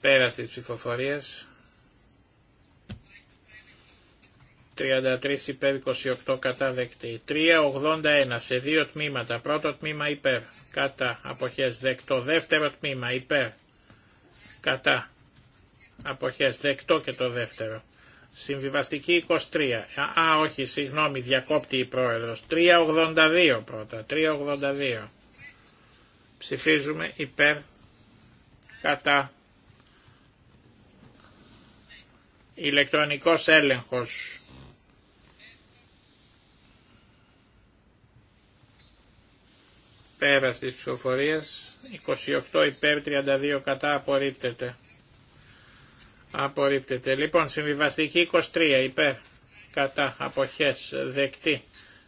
Πέρα στις ψηφοφορίες. 33 υπέρ 28 κατά δεκτή. 381 σε δύο τμήματα. Πρώτο τμήμα υπέρ κατά αποχές δεκτό. Δεύτερο τμήμα υπέρ κατά αποχές δεκτό και το δεύτερο. Συμβιβαστική 23. Α, α όχι, συγγνώμη, διακόπτει η πρόεδρος. 382 πρώτα, 382. Ψηφίζουμε υπέρ, κατά, ηλεκτρονικός έλεγχος Πέρας της ψηφοφορίας. 28 υπέρ 32 κατά απορρίπτεται. Απορρίπτεται. Λοιπόν, συμβιβαστική 23 υπέρ κατά αποχές δεκτή.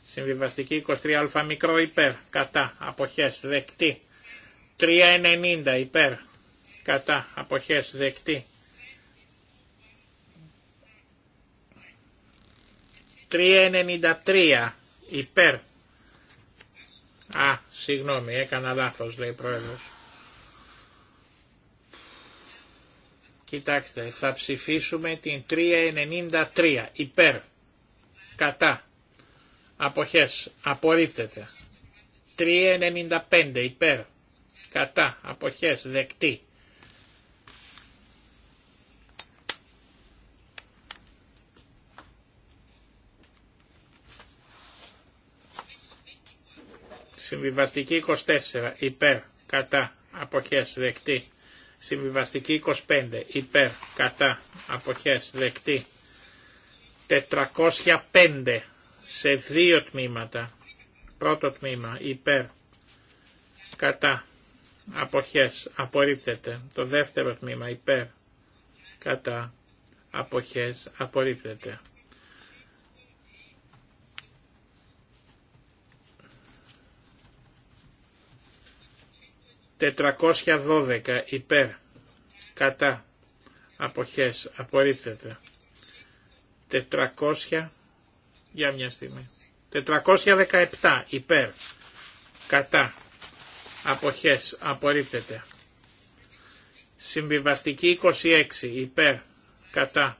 Συμβιβαστική 23α μικρό υπέρ κατά αποχές δεκτή. 390 υπέρ κατά αποχές δεκτή. 393 υπέρ Α, συγγνώμη, έκανα λάθος, λέει η Πρόεδρος. Κοιτάξτε, θα ψηφίσουμε την 393, υπέρ, κατά, αποχές, απορρίπτεται. 395, υπέρ, κατά, αποχές, δεκτή. Συμβιβαστική 24 υπέρ κατά αποχές δεκτή. Συμβιβαστική 25 υπέρ κατά αποχές δεκτή. 405 σε δύο τμήματα. Πρώτο τμήμα υπέρ κατά αποχές απορρίπτεται. Το δεύτερο τμήμα υπέρ κατά αποχές απορρίπτεται. 412 υπέρ κατά αποχές απορρίπτεται 400 για μια στιγμή 417 υπέρ κατά αποχές απορρίπτεται συμβιβαστική 26 υπέρ κατά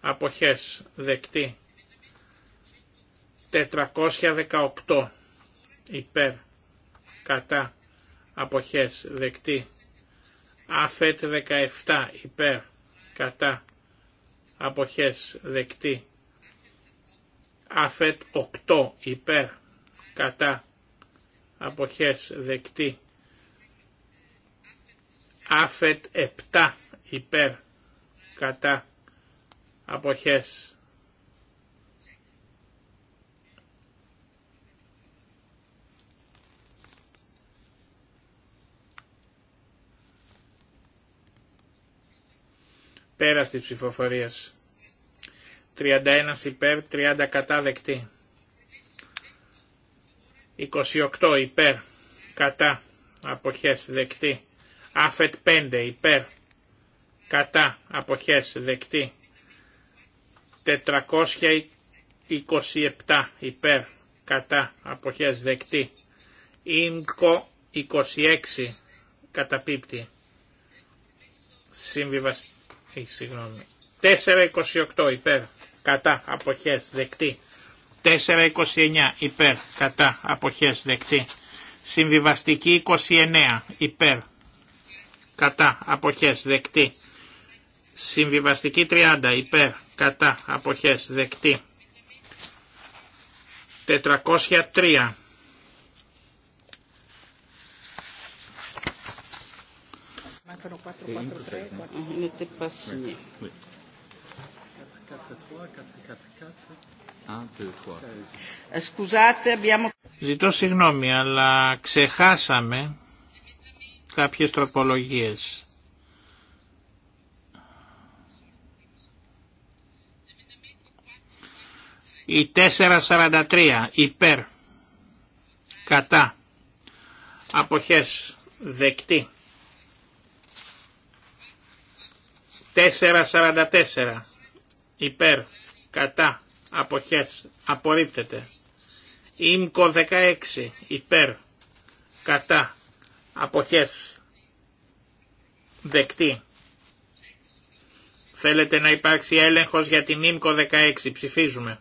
αποχές δεκτή 418 υπέρ κατά αποχές δεκτή. Αφέτ 17 υπέρ κατά αποχές δεκτή. Αφέτ 8 υπέρ κατά αποχές δεκτή. Αφέτ 7 υπέρ κατά αποχές Πέρας της ψηφοφορίας. 31 υπέρ, 30 κατά δεκτή. 28 υπέρ, κατά, αποχές δεκτή. Αφετ 5 υπέρ, κατά, αποχές δεκτή. 427 υπέρ, κατά, αποχές δεκτή. Ίνκο 26 καταπίπτει. Συμβιβαστή. Ε, συγγνώμη. 4.28 υπέρ, κατά, αποχές, δεκτή. 4.29 υπέρ, κατά, αποχές, δεκτή. Συμβιβαστική 29 υπέρ, κατά, αποχές, δεκτή. Συμβιβαστική 30 υπέρ, κατά, αποχές, δεκτή. 403 numéro ναι, ναι. Ζητώ συγγνώμη, αλλά ξεχάσαμε κάποιες τροπολογίες. Η 443 υπέρ κατά αποχές δεκτή. 444 υπέρ κατά αποχές απορρίπτεται. Ήμκο 16 υπέρ κατά αποχές δεκτή. Θέλετε να υπάρξει έλεγχος για την Ήμκο 16. Ψηφίζουμε.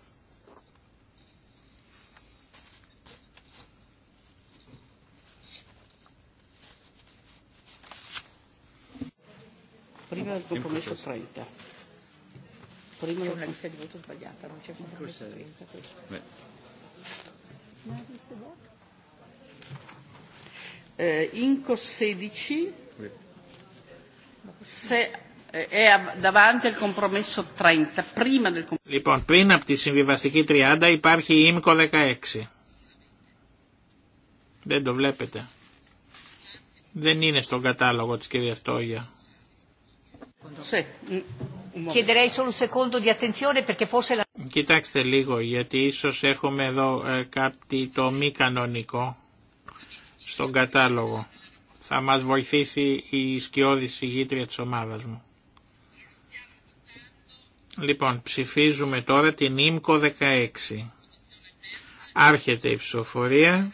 prima del compromesso 30. Prima del compromesso di voto sbagliata, non c'è compromesso 30. Eh, Inco 16 se, è davanti al compromesso 30 prima del Λοιπόν, πριν από τη συμβιβαστική 30 υπάρχει η ΙΜΚΟ 16. Δεν το βλέπετε. Δεν είναι στον κατάλογο της κυρίας Τόγια. Κοιτάξτε λίγο γιατί ίσως έχουμε εδώ ε, κάτι το μη κανονικό στον κατάλογο. Θα μας βοηθήσει η σκιώδη συγγήτρια της ομάδας μου. Λοιπόν, ψηφίζουμε τώρα την ΙΜΚΟ 16. Άρχεται η ψηφοφορία.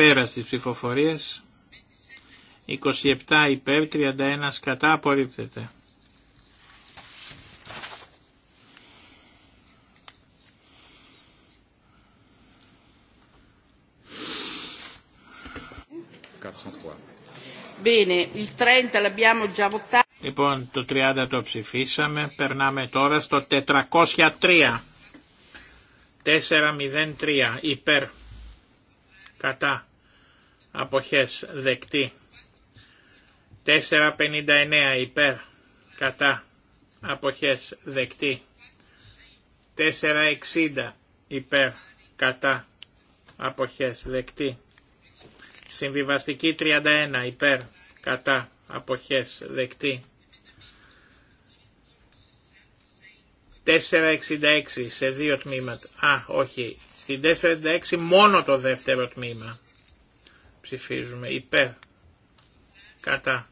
Πέρα στις ψηφοφορίες. 27 υπέρ, 31 κατά, απορρίπτεται. Λοιπόν, το 30 το ψηφίσαμε. Περνάμε τώρα στο 403. 403 υπέρ. Κατά αποχές δεκτή. 459 υπέρ κατά αποχές δεκτή. 460 υπέρ κατά αποχές δεκτή. Συμβιβαστική 31 υπέρ κατά αποχές δεκτή. 466 σε δύο τμήματα. Α, όχι. Στην 466 μόνο το δεύτερο τμήμα. Ψηφίζουμε υπέρ. Κατά.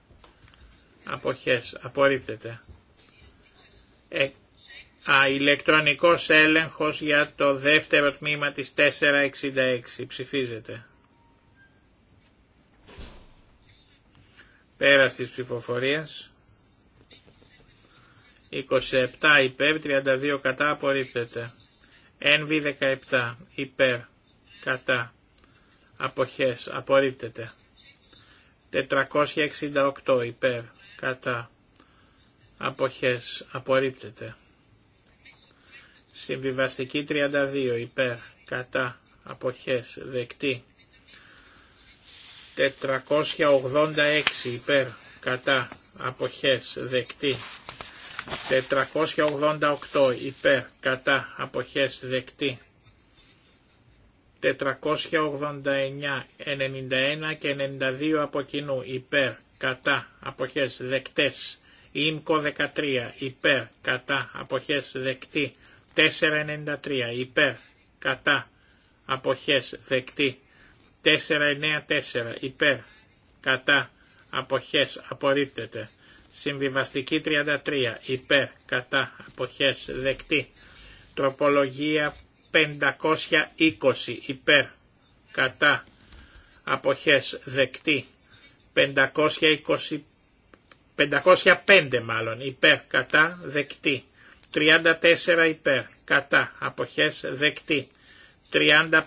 Αποχές. Απορρίπτεται. Ε, α, ηλεκτρονικός έλεγχος για το δεύτερο τμήμα της 466. Ψηφίζεται. Πέρας της ψηφοφορίας. 27 υπέρ, 32 κατά απορρίπτεται. απορρίπτεται. 17 υπέρ, κατά αποχές απορρίπτεται. 468 υπέρ κατά αποχές απορρίπτεται. Συμβιβαστική 32 υπέρ κατά αποχές δεκτή. 486 υπέρ κατά αποχές δεκτή. 488 υπέρ κατά αποχές δεκτή. 489, 91 και 92 από κοινού υπέρ, κατά, αποχές, δεκτές. Ήμκο 13 υπέρ, κατά, αποχές, δεκτή. 493 υπέρ, κατά, αποχές, δεκτή. 494 υπέρ, κατά, αποχές, απορρίπτεται. Συμβιβαστική 33 υπέρ, κατά, αποχές, δεκτή. Τροπολογία 520 υπέρ κατά αποχές δεκτή 520, 505 μάλλον υπέρ κατά δεκτή 34 υπέρ κατά αποχές δεκτή 35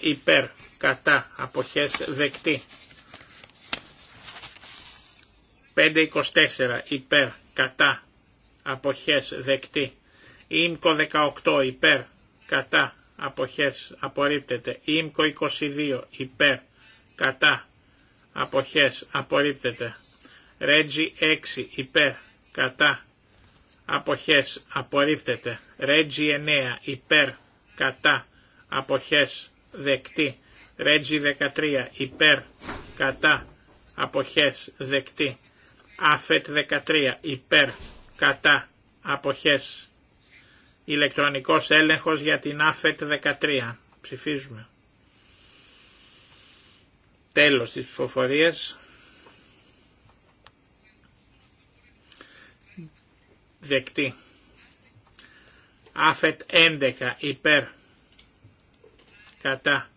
υπέρ κατά αποχές δεκτή 524 υπέρ κατά αποχές δεκτή ΙΜΚΟ 18 υπέρ κατά αποχές απορρίπτεται. Ήμκο 22 υπέρ κατά αποχές απορρίπτεται. Ρέτζι 6 υπέρ κατά αποχές απορρίπτεται. Ρέτζι 9 υπέρ κατά αποχές δεκτή. Ρέτζι 13 υπέρ κατά αποχές δεκτή. Άφετ 13 υπέρ κατά αποχές Ηλεκτρονικός έλεγχος για την ΑΦΕΤ 13. Ψηφίζουμε. Τέλος της ψηφοφορίας. Δεκτή. ΑΦΕΤ 11 υπέρ. Κατά.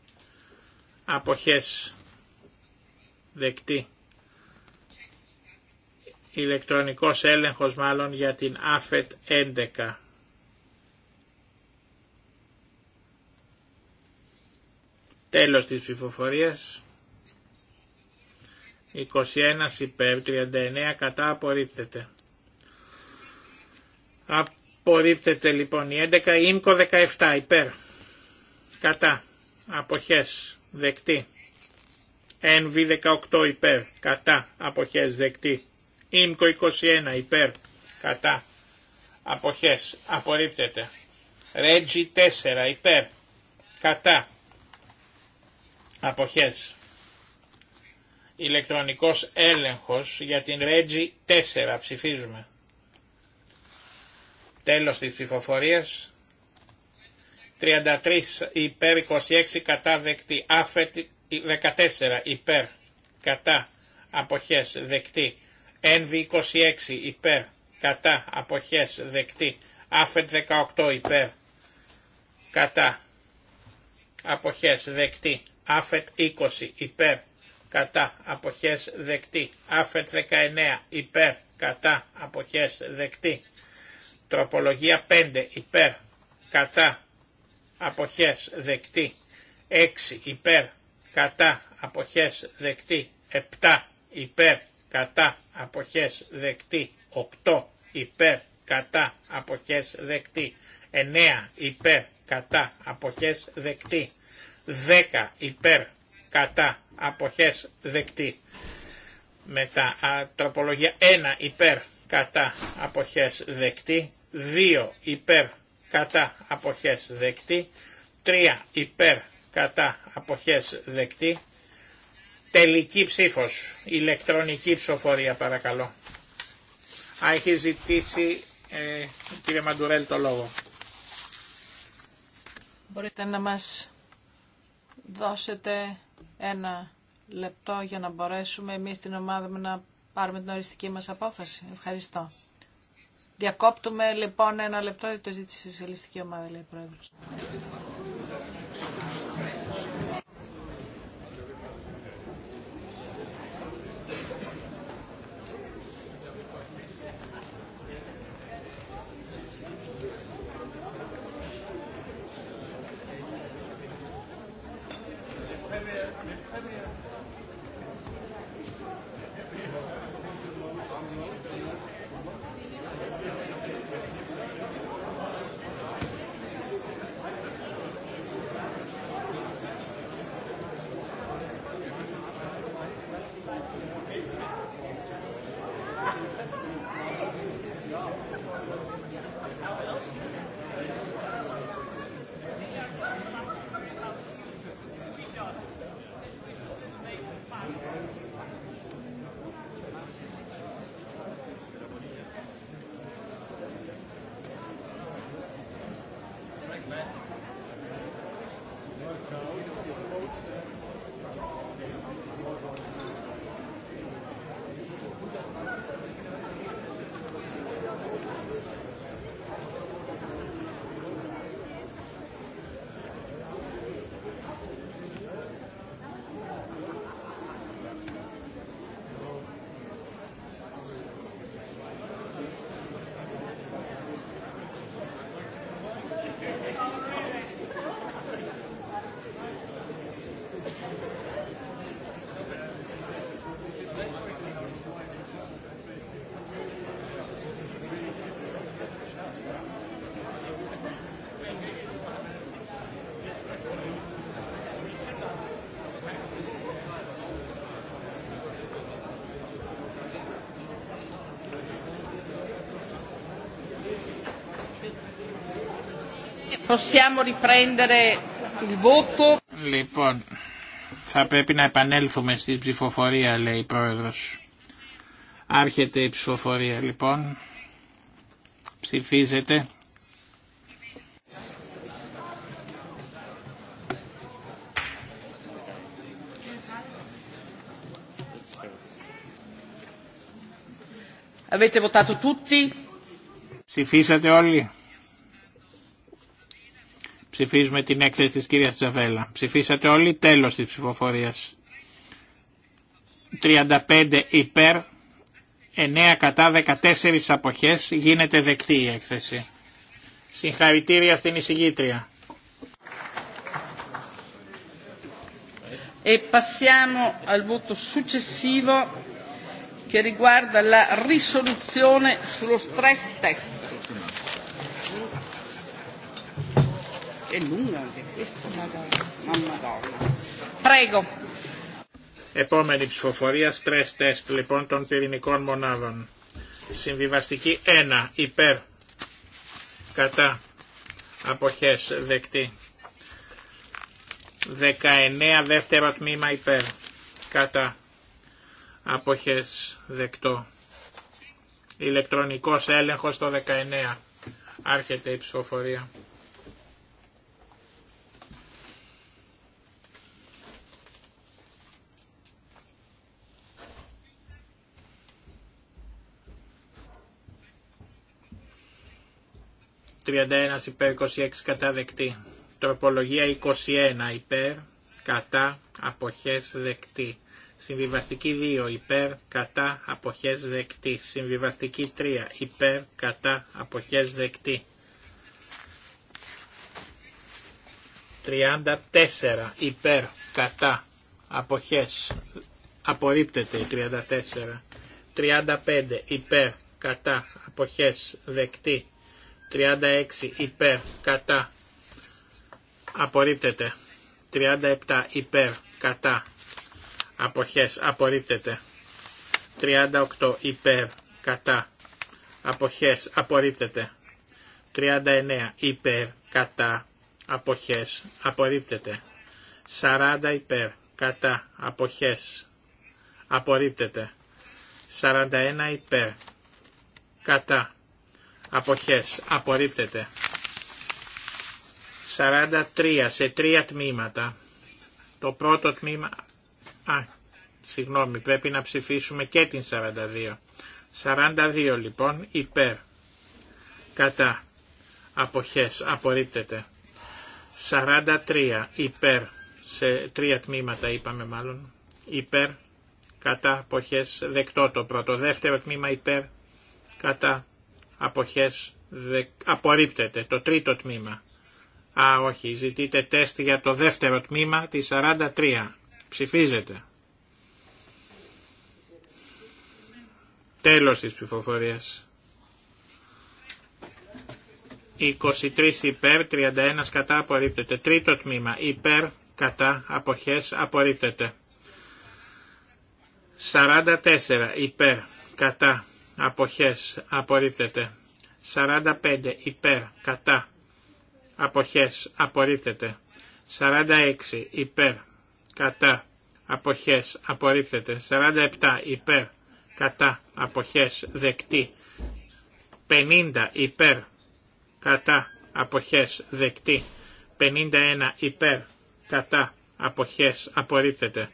Αποχές. Δεκτή. Ηλεκτρονικός έλεγχος μάλλον για την ΑΦΕΤ 11. Τέλος της ψηφοφορίας. 21 υπέρ, 39 κατά απορρίπτεται. Απορρίπτεται λοιπόν η 11, ΙΜΚΟ 17 υπέρ. Κατά. Αποχές. Δεκτή. ΕΝΒ 18 υπέρ. Κατά. Αποχές. Δεκτή. ΙΜΚΟ 21 υπέρ. Κατά. Αποχές. Απορρίπτεται. Ρέτζι 4 υπέρ. Κατά. Αποχές. Ηλεκτρονικός έλεγχος για την Ρέτζι 4. Ψηφίζουμε. Τέλος της ψηφοφορίας. 33 υπέρ, 26 κατά δεκτή. Άφετη 14 υπέρ, κατά αποχές δεκτή. Ένβι 26 υπέρ, κατά αποχές δεκτή. Άφετ 18 υπέρ, κατά αποχές δεκτή. Άφετ 20 υπέρ κατά αποχές δεκτή. Άφετ 19 υπέρ κατά αποχές δεκτή. Τροπολογία 5 υπέρ κατά αποχές δεκτή. 6 υπέρ κατά αποχές δεκτή. 7 υπέρ κατά αποχές δεκτή. 8 υπέρ κατά αποχές δεκτή. 9 υπέρ κατά αποχές δεκτή. 10 υπέρ κατά αποχές δεκτή. Μετά α, τροπολογία 1 υπέρ κατά αποχές δεκτή. 2 υπέρ κατά αποχές δεκτή. 3 υπέρ κατά αποχές δεκτή. Τελική ψήφος, ηλεκτρονική ψηφοφορία παρακαλώ. Α, έχει ζητήσει ε, κύριε Μαντουρέλ το λόγο. Μπορείτε να μας δώσετε ένα λεπτό για να μπορέσουμε εμείς στην ομάδα να πάρουμε την οριστική μας απόφαση. Ευχαριστώ. Διακόπτουμε λοιπόν ένα λεπτό, για το ζήτηση η Σοσιαλιστική Ομάδα, λέει ο Πρόεδρος. Possiamo riprendere il voto. Λοιπόν, θα πρέπει να επανέλθουμε στην ψηφοφορία, λέει η Πρόεδρος. Άρχεται η ψηφοφορία, λοιπόν. Ψηφίζεται. Avete votato tutti? Ψηφίσατε όλοι. Ψηφίζουμε την έκθεση της κυρίας Τζαβέλα. Ψηφίσατε όλοι, τέλος της ψηφοφορίας. 35 υπέρ, 9 κατά 14 αποχές, γίνεται δεκτή η έκθεση. Συγχαρητήρια στην εισηγήτρια. E passiamo al voto successivo che riguarda la risoluzione sullo stress test. Prego. Επόμενη ψηφοφορία, stress test λοιπόν των πυρηνικών μονάδων. Συμβιβαστική 1, υπέρ, κατά, αποχές, δεκτή. 19, δεύτερο τμήμα, υπέρ, κατά, αποχές, δεκτό. Ηλεκτρονικός έλεγχος το 19, άρχεται η ψηφοφορία. 31 υπέρ 26 κατά Τροπολογία 21 υπέρ κατά αποχές δεκτή. Συμβιβαστική 2 υπέρ κατά αποχές δεκτή. Συμβιβαστική 3 υπέρ κατά αποχές δεκτή. 34 υπέρ κατά αποχές απορρίπτεται η 34 35 υπέρ κατά αποχές δεκτή 36 υπέρ κατά απορρίπτεται. 37 υπέρ κατά αποχές απορρίπτεται. 38 υπέρ κατά αποχές απορρίπτεται. 39 υπέρ κατά αποχές απορρίπτεται. 40 υπέρ κατά αποχές απορρίπτεται. 41 υπέρ κατά Αποχές. Απορρίπτεται. 43 σε τρία τμήματα. Το πρώτο τμήμα... Α, συγγνώμη, πρέπει να ψηφίσουμε και την 42. 42 λοιπόν υπέρ. Κατά. Αποχές. Απορρίπτεται. 43 υπέρ. Σε τρία τμήματα είπαμε μάλλον. Υπέρ. Κατά. Αποχές. Δεκτό το πρώτο. Δεύτερο τμήμα υπέρ. Κατά αποχές απορρίπτεται το τρίτο τμήμα. Α, όχι, ζητείτε τεστ για το δεύτερο τμήμα τη 43. Ψηφίζεται. Τέλος της ψηφοφορίας. 23 υπέρ, 31 κατά απορρίπτεται. Τρίτο τμήμα υπέρ, κατά, αποχές απορρίπτεται. 44 υπέρ, κατά, αποχές απορρίπτεται. 45 υπέρ κατά αποχές απορρίπτεται. 46 υπέρ κατά αποχές απορρίπτεται. 47 υπέρ κατά αποχές δεκτή. 50 υπέρ κατά αποχές δεκτή. 51 υπέρ κατά αποχές απορρίπτεται.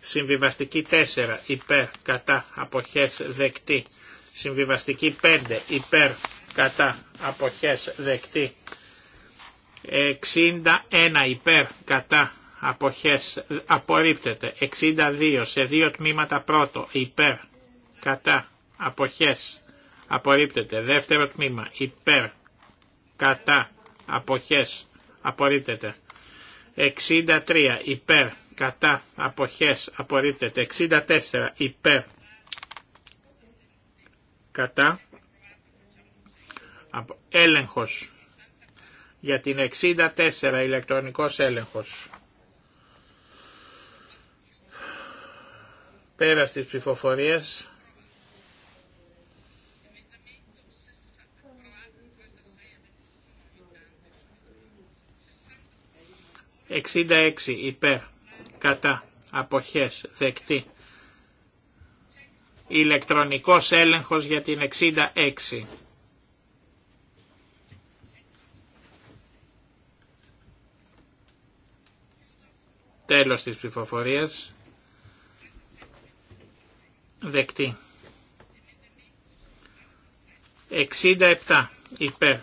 Συμβιβαστική 4 υπέρ κατά αποχές δεκτή. Συμβιβαστική 5 υπέρ κατά αποχές δεκτή. 61 υπέρ κατά αποχές απορρίπτεται. 62 σε δύο τμήματα πρώτο υπέρ κατά αποχές απορρίπτεται. Δεύτερο τμήμα υπέρ κατά αποχές απορρίπτεται. 63 υπέρ κατά αποχές απορρίπτεται. 64 υπέρ κατά έλεγχος για την 64 ηλεκτρονικός έλεγχος πέρα στις ψηφοφορίες Εξήντα έξι υπέρ κατά αποχές δεκτή ηλεκτρονικός έλεγχος για την 66. Τέλος της ψηφοφορίας. Δεκτή. 67 υπέρ.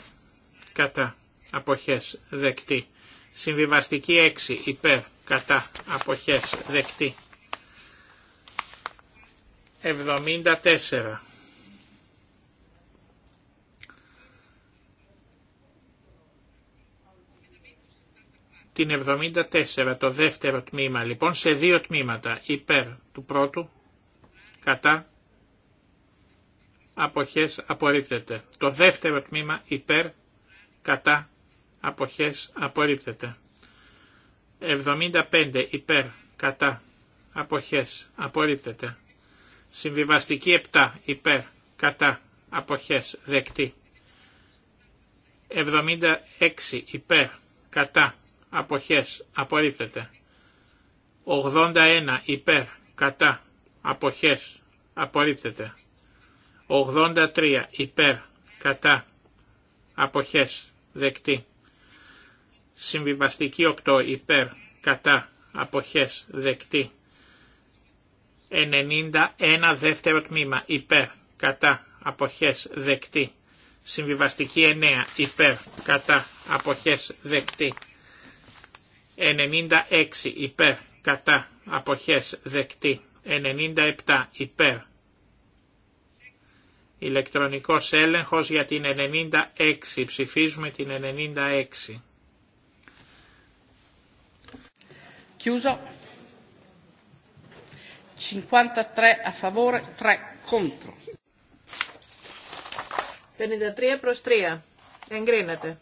Κατά. Αποχές. Δεκτή. Συμβιβαστική 6 υπέρ. Κατά. Αποχές. Δεκτή. 74. Την 74, το δεύτερο τμήμα λοιπόν, σε δύο τμήματα, υπέρ του πρώτου, κατά, αποχές απορρίπτεται. Το δεύτερο τμήμα, υπέρ, κατά, αποχές απορρίπτεται. 75, υπέρ, κατά, αποχές απορρίπτεται. Συμβιβαστική 7 υπέρ κατά αποχές δεκτή. 76 υπέρ κατά αποχές απορρίπτεται. 81 υπέρ κατά αποχές απορρίπτεται. 83 υπέρ κατά αποχές δεκτή. Συμβιβαστική 8 υπέρ κατά αποχές δεκτή. 91 δεύτερο τμήμα υπέρ κατά αποχές δεκτή. Συμβιβαστική 9 υπέρ κατά αποχές δεκτή. 96 υπέρ κατά αποχές δεκτή. 97 υπέρ. Ηλεκτρονικός έλεγχος για την 96. Ψηφίζουμε την 96. 53 a 3 contro. 53 προς 3. Εγκρίνεται.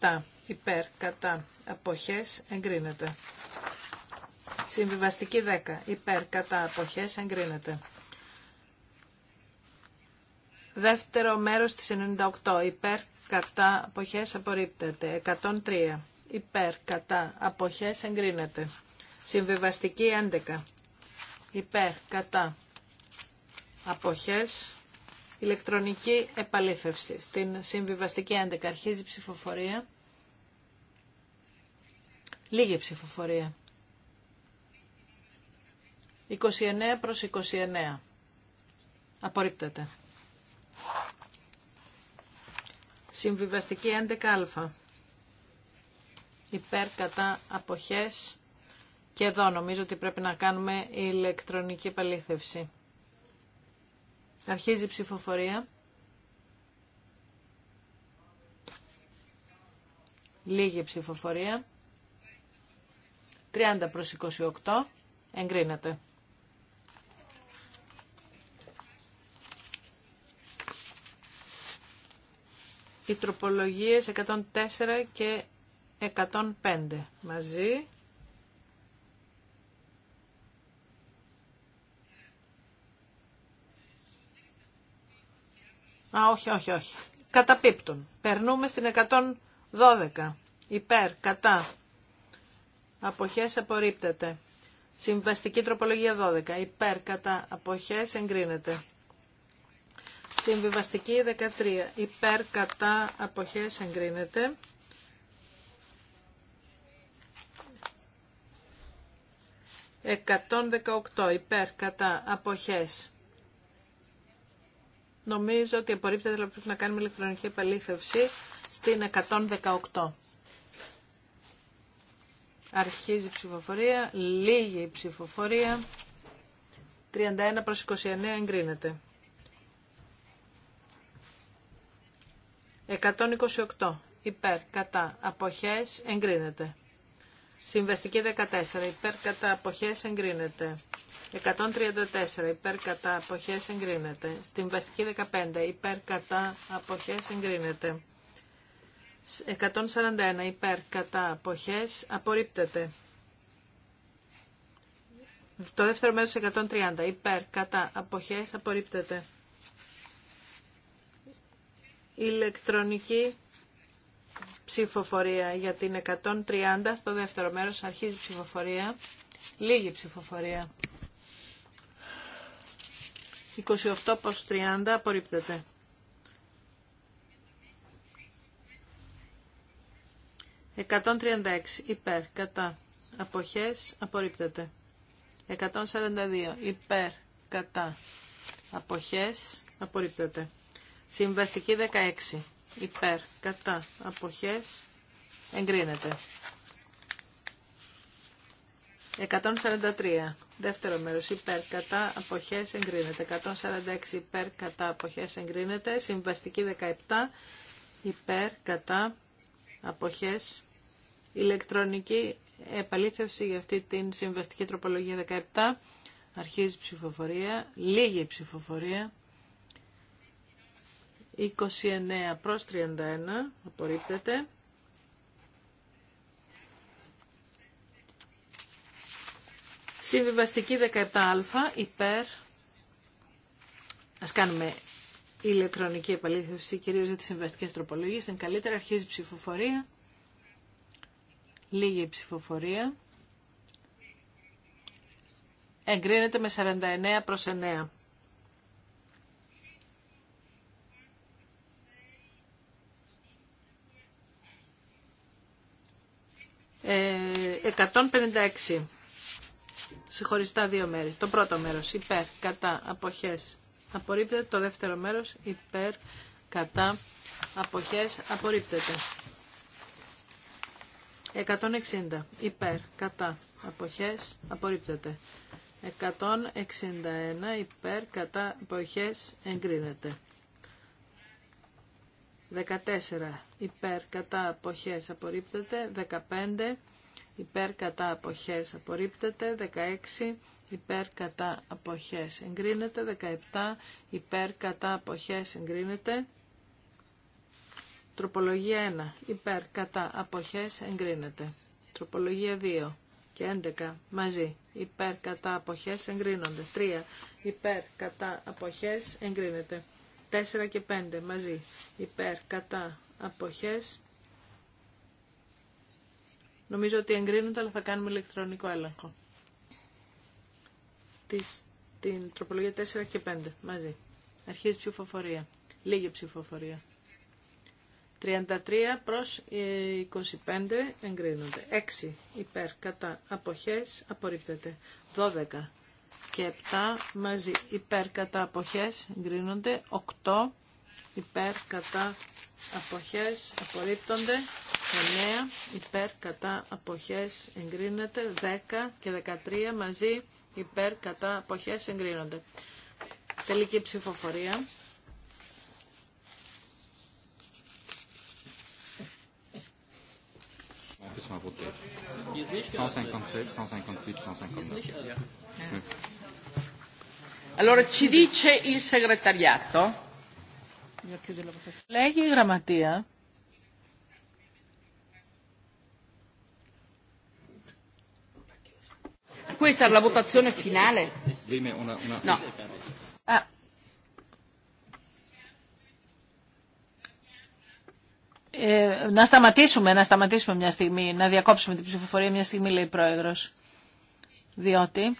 «97 υπέρ κατά αποχές εγκρίνεται». Συμβιβαστική 10 υπέρ κατά αποχές εγκρίνεται. Δεύτερο μέρος της 98 υπέρ κατά αποχές απορρίπτεται. 103 υπέρ κατά αποχές εγκρίνεται. Συμβιβαστική 11 υπέρ κατά αποχές ηλεκτρονική επαλήθευση. Στην συμβιβαστική 11 αρχίζει ψηφοφορία. Λίγη ψηφοφορία. 29 προς 29. Απορρίπτεται. Συμβιβαστική 11α. Υπέρ κατά αποχές. Και εδώ νομίζω ότι πρέπει να κάνουμε ηλεκτρονική επαλήθευση. Αρχίζει η ψηφοφορία. Λίγη ψηφοφορία. 30 προς 28. Εγκρίνεται. οι τροπολογίες 104 και 105 μαζί. Α, όχι, όχι, όχι. Καταπίπτουν. Περνούμε στην 112. Υπέρ, κατά. Αποχές απορρίπτεται. Συμβαστική τροπολογία 12. Υπέρ, κατά. Αποχές εγκρίνεται. Συμβιβαστική 13. Υπέρ κατά αποχές εγκρίνεται. 118. υπέρ κατά αποχές. Νομίζω ότι απορρίπτεται, αλλά πρέπει να κάνουμε ηλεκτρονική επαλήθευση στην 118. Αρχίζει η ψηφοφορία, λίγη η ψηφοφορία. 31 προς 29 εγκρίνεται. 128 υπέρ κατά αποχές εγκρίνεται. Συμβαστική 14 υπέρ κατά αποχές εγκρίνεται. 134 υπέρ κατά αποχές εγκρίνεται. Συμβαστική 15 υπέρ κατά αποχές εγκρίνεται. 141 υπέρ κατά αποχές απορρίπτεται. Το δεύτερο μέρος 130 υπέρ κατά αποχές απορρίπτεται ηλεκτρονική ψηφοφορία για την 130 στο δεύτερο μέρος αρχίζει η ψηφοφορία λίγη ψηφοφορία 28 προς 30 απορρίπτεται «136 υπέρ, κατά, αποχές, απορρίπτεται». «142 υπέρ, κατά, αποχές, απορρίπτεται». Συμβαστική 16. Υπέρ. Κατά. Αποχές. Εγκρίνεται. 143. Δεύτερο μέρος. Υπέρ. Κατά. Αποχές. Εγκρίνεται. 146. Υπέρ. Κατά. Αποχές. Εγκρίνεται. Συμβαστική 17. Υπέρ. Κατά. Αποχές. Ηλεκτρονική επαλήθευση για αυτή την συμβαστική τροπολογία 17. Αρχίζει ψηφοφορία. Λίγη ψηφοφορία. 29 προς 31 απορρίπτεται. 17α υπέρ. Ας κάνουμε ηλεκτρονική επαλήθευση κυρίως για τις συμβαστικές τροπολογίες. Είναι καλύτερα, αρχίζει η ψηφοφορία. Λίγη η ψηφοφορία. Εγκρίνεται με 49 προς 9. 156 ε, συγχωριστά δύο μέρη. Το πρώτο μέρος υπέρ, κατά, αποχές, απορρίπτεται. Το δεύτερο μέρος υπέρ, κατά, αποχές, απορρίπτεται. 160 υπέρ, κατά, αποχές, απορρίπτεται. 161 υπέρ, κατά, αποχές, εγκρίνεται. 14 υπέρ κατά αποχές απορρίπτεται, 15 υπέρ κατά αποχές απορρίπτεται, 16 υπέρ κατά αποχές εγκρίνεται, 17 υπέρ κατά αποχές εγκρίνεται, τροπολογία 1 υπέρ κατά αποχές εγκρίνεται, τροπολογία 2 και 11 μαζί υπέρ κατά αποχές εγκρίνονται, 3 υπέρ κατά αποχές εγκρίνεται. 4 και 5 μαζί. Υπέρ, κατά, αποχές. Νομίζω ότι εγκρίνονται, αλλά θα κάνουμε ηλεκτρονικό έλεγχο. Τις, την τροπολογία 4 και 5 μαζί. Αρχίζει ψηφοφορία. Λίγη ψηφοφορία. 33 προς 25 ε, εγκρίνονται. 6 υπέρ κατά αποχές απορρίπτεται. 12 και 7 μαζί υπέρ κατά αποχές εγκρίνονται 8 υπέρ κατά αποχές απορρίπτονται 9 υπέρ κατά αποχές εγκρίνεται 10 και 13 μαζί υπέρ κατά αποχές εγκρίνονται τελική ψηφοφορία plus ma 157, 158, 159. Allora ci dice il segretariato. Λέγει Questa è la votazione finale? No. Ε, να σταματήσουμε, να σταματήσουμε μια στιγμή, να διακόψουμε την ψηφοφορία μια στιγμή, λέει η Πρόεδρος. Διότι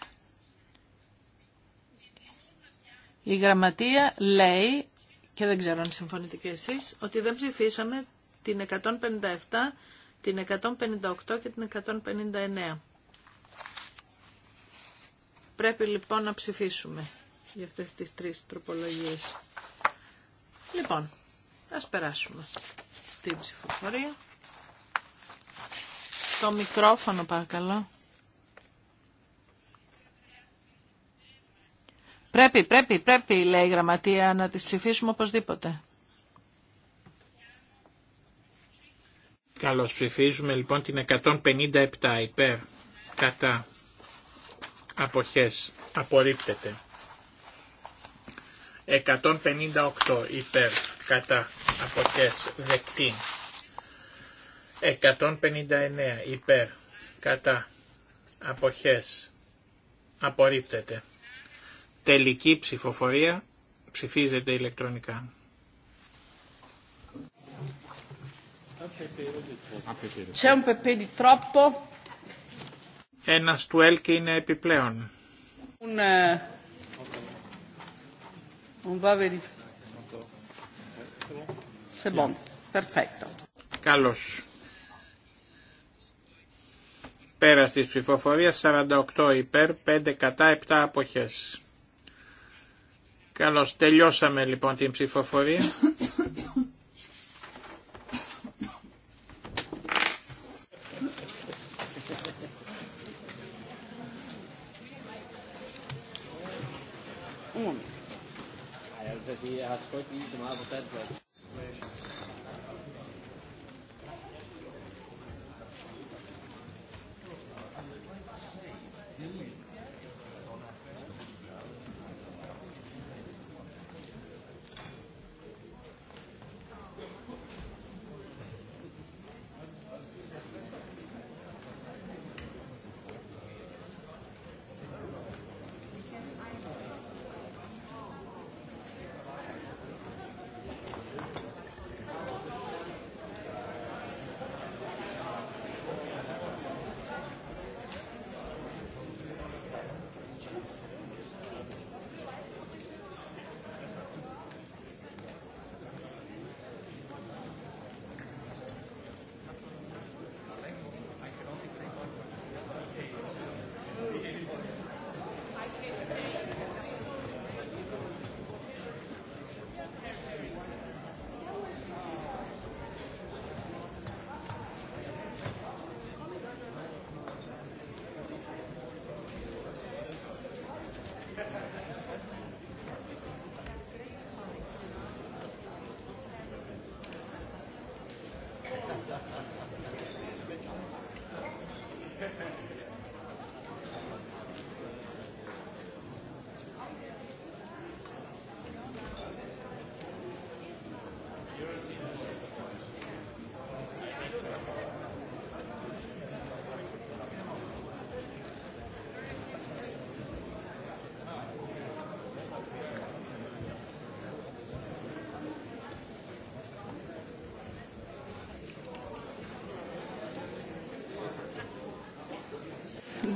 η Γραμματεία λέει, και δεν ξέρω αν συμφωνείτε και εσείς, ότι δεν ψηφίσαμε την 157, την 158 και την 159. Πρέπει λοιπόν να ψηφίσουμε για αυτές τις τρεις τροπολογίες. Λοιπόν, ας περάσουμε η ψηφοφορία. Το μικρόφωνο παρακαλώ. Πρέπει, πρέπει, πρέπει, λέει η γραμματεία, να τις ψηφίσουμε οπωσδήποτε. Καλώς ψηφίζουμε λοιπόν την 157 υπέρ, κατά, αποχές, απορρίπτεται. 158 υπέρ, κατά αποχές δεκτή. 159 υπέρ κατά αποχές απορρίπτεται. Τελική ψηφοφορία ψηφίζεται ηλεκτρονικά. C'è un τρόπο; Ένας του Έλκη είναι επιπλέον. Eh, Λοιπόν, C'est bon. Πέρα τη ψηφοφορία 48 υπέρ, 5 κατά, 7 αποχές. Καλώς. Τελειώσαμε λοιπόν την ψηφοφορία.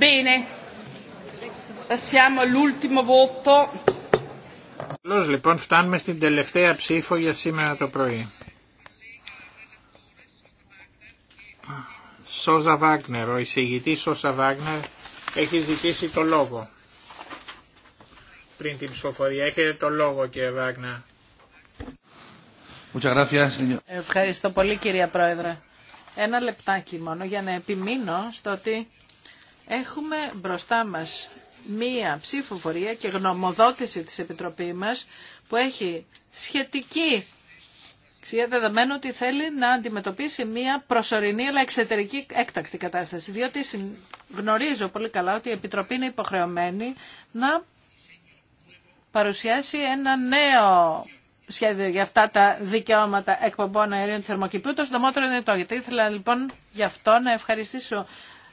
Bene, passiamo all'ultimo voto. λοιπόν φτάνουμε στην τελευταία ψήφο για σήμερα το πρωί. Σόζα Βάγνερ, ο εισηγητής Σόζα Βάγνερ έχει ζητήσει το λόγο. Πριν την ψηφοφορία έχετε το λόγο κύριε Βάγνερ. Ευχαριστώ πολύ κυρία Πρόεδρε. Ένα λεπτάκι μόνο για να επιμείνω στο ότι Έχουμε μπροστά μας μία ψηφοφορία και γνωμοδότηση της Επιτροπής μας που έχει σχετική αξία δεδομένου ότι θέλει να αντιμετωπίσει μία προσωρινή αλλά εξωτερική έκτακτη κατάσταση. Διότι γνωρίζω πολύ καλά ότι η Επιτροπή είναι υποχρεωμένη να παρουσιάσει ένα νέο σχέδιο για αυτά τα δικαιώματα εκπομπών αερίων θερμοκηπίου. Το συντομότερο είναι Γιατί ήθελα λοιπόν γι' αυτό να ευχαριστήσω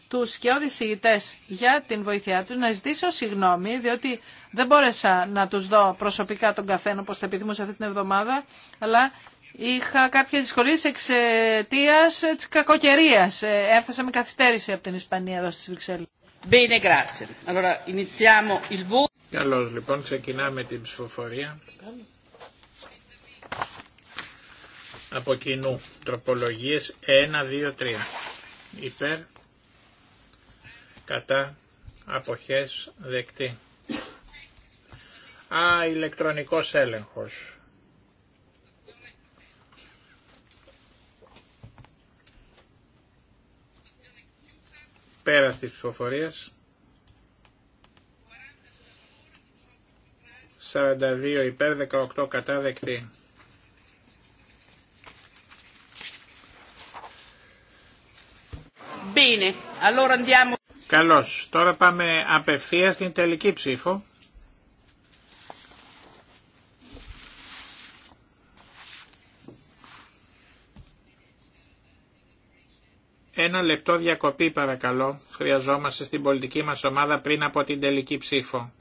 του σκιώδη ηγητέ για την βοήθειά του, να ζητήσω συγγνώμη, διότι δεν μπόρεσα να του δω προσωπικά τον καθένα όπω θα επιθυμούσα αυτή την εβδομάδα, αλλά είχα κάποιε δυσκολίε εξαιτία τη κακοκαιρία. Ε, έφτασα με καθυστέρηση από την Ισπανία εδώ στι Βρυξέλλε. Bene, grazie. Allora, iniziamo il voto. Καλώς λοιπόν, ξεκινάμε την ψηφοφορία. Από κοινού, τροπολογίες 1, 2, 3. Υπέρ, κατά αποχές δεκτή. Α, ηλεκτρονικός έλεγχος. Πέρα της ψηφοφορίας. 42 υπέρ 18 κατά δεκτή. Bene, allora andiamo Καλώς. Τώρα πάμε απευθεία στην τελική ψήφο. Ένα λεπτό διακοπή παρακαλώ. Χρειαζόμαστε στην πολιτική μας ομάδα πριν από την τελική ψήφο.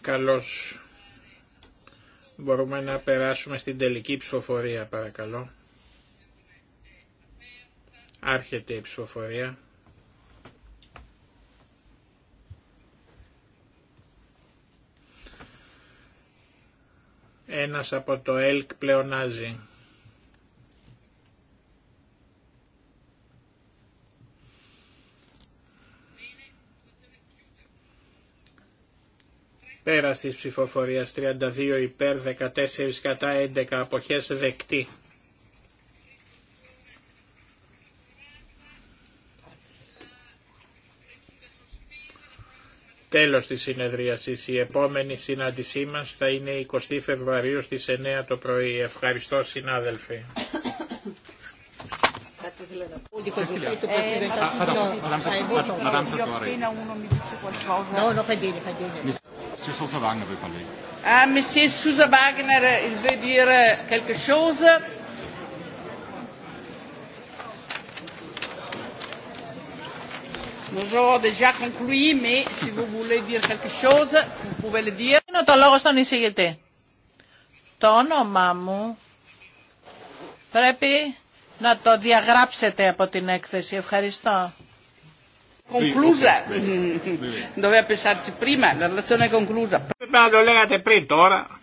Καλώς. Μπορούμε να περάσουμε στην τελική ψηφοφορία, παρακαλώ. Άρχεται η ψηφοφορία. Ένας από το ΕΛΚ πλεονάζει. Πέρα τη ψηφοφορία 32 υπέρ 14 κατά 11 αποχέ δεκτή. Τέλος της συνεδρίασης. Η επόμενη συνάντησή μας θα είναι 20 Φεβρουαρίου στις 9 το πρωί. Ευχαριστώ συνάδελφοι. Ε, Sousa Wagner veut parler. Ah, Monsieur Susa Wagner, il veut dire quelque chose. Nous avons déjà conclu, mais si vous voulez dire quelque chose, vous pouvez le dire. Είναι το λόγο στον la Το όνομά μου πρέπει να το διαγράψετε από την έκθεση. Ευχαριστώ. Conclusa. Doveva pensarci prima, la relazione è conclusa. Ma lo legate prima, ora?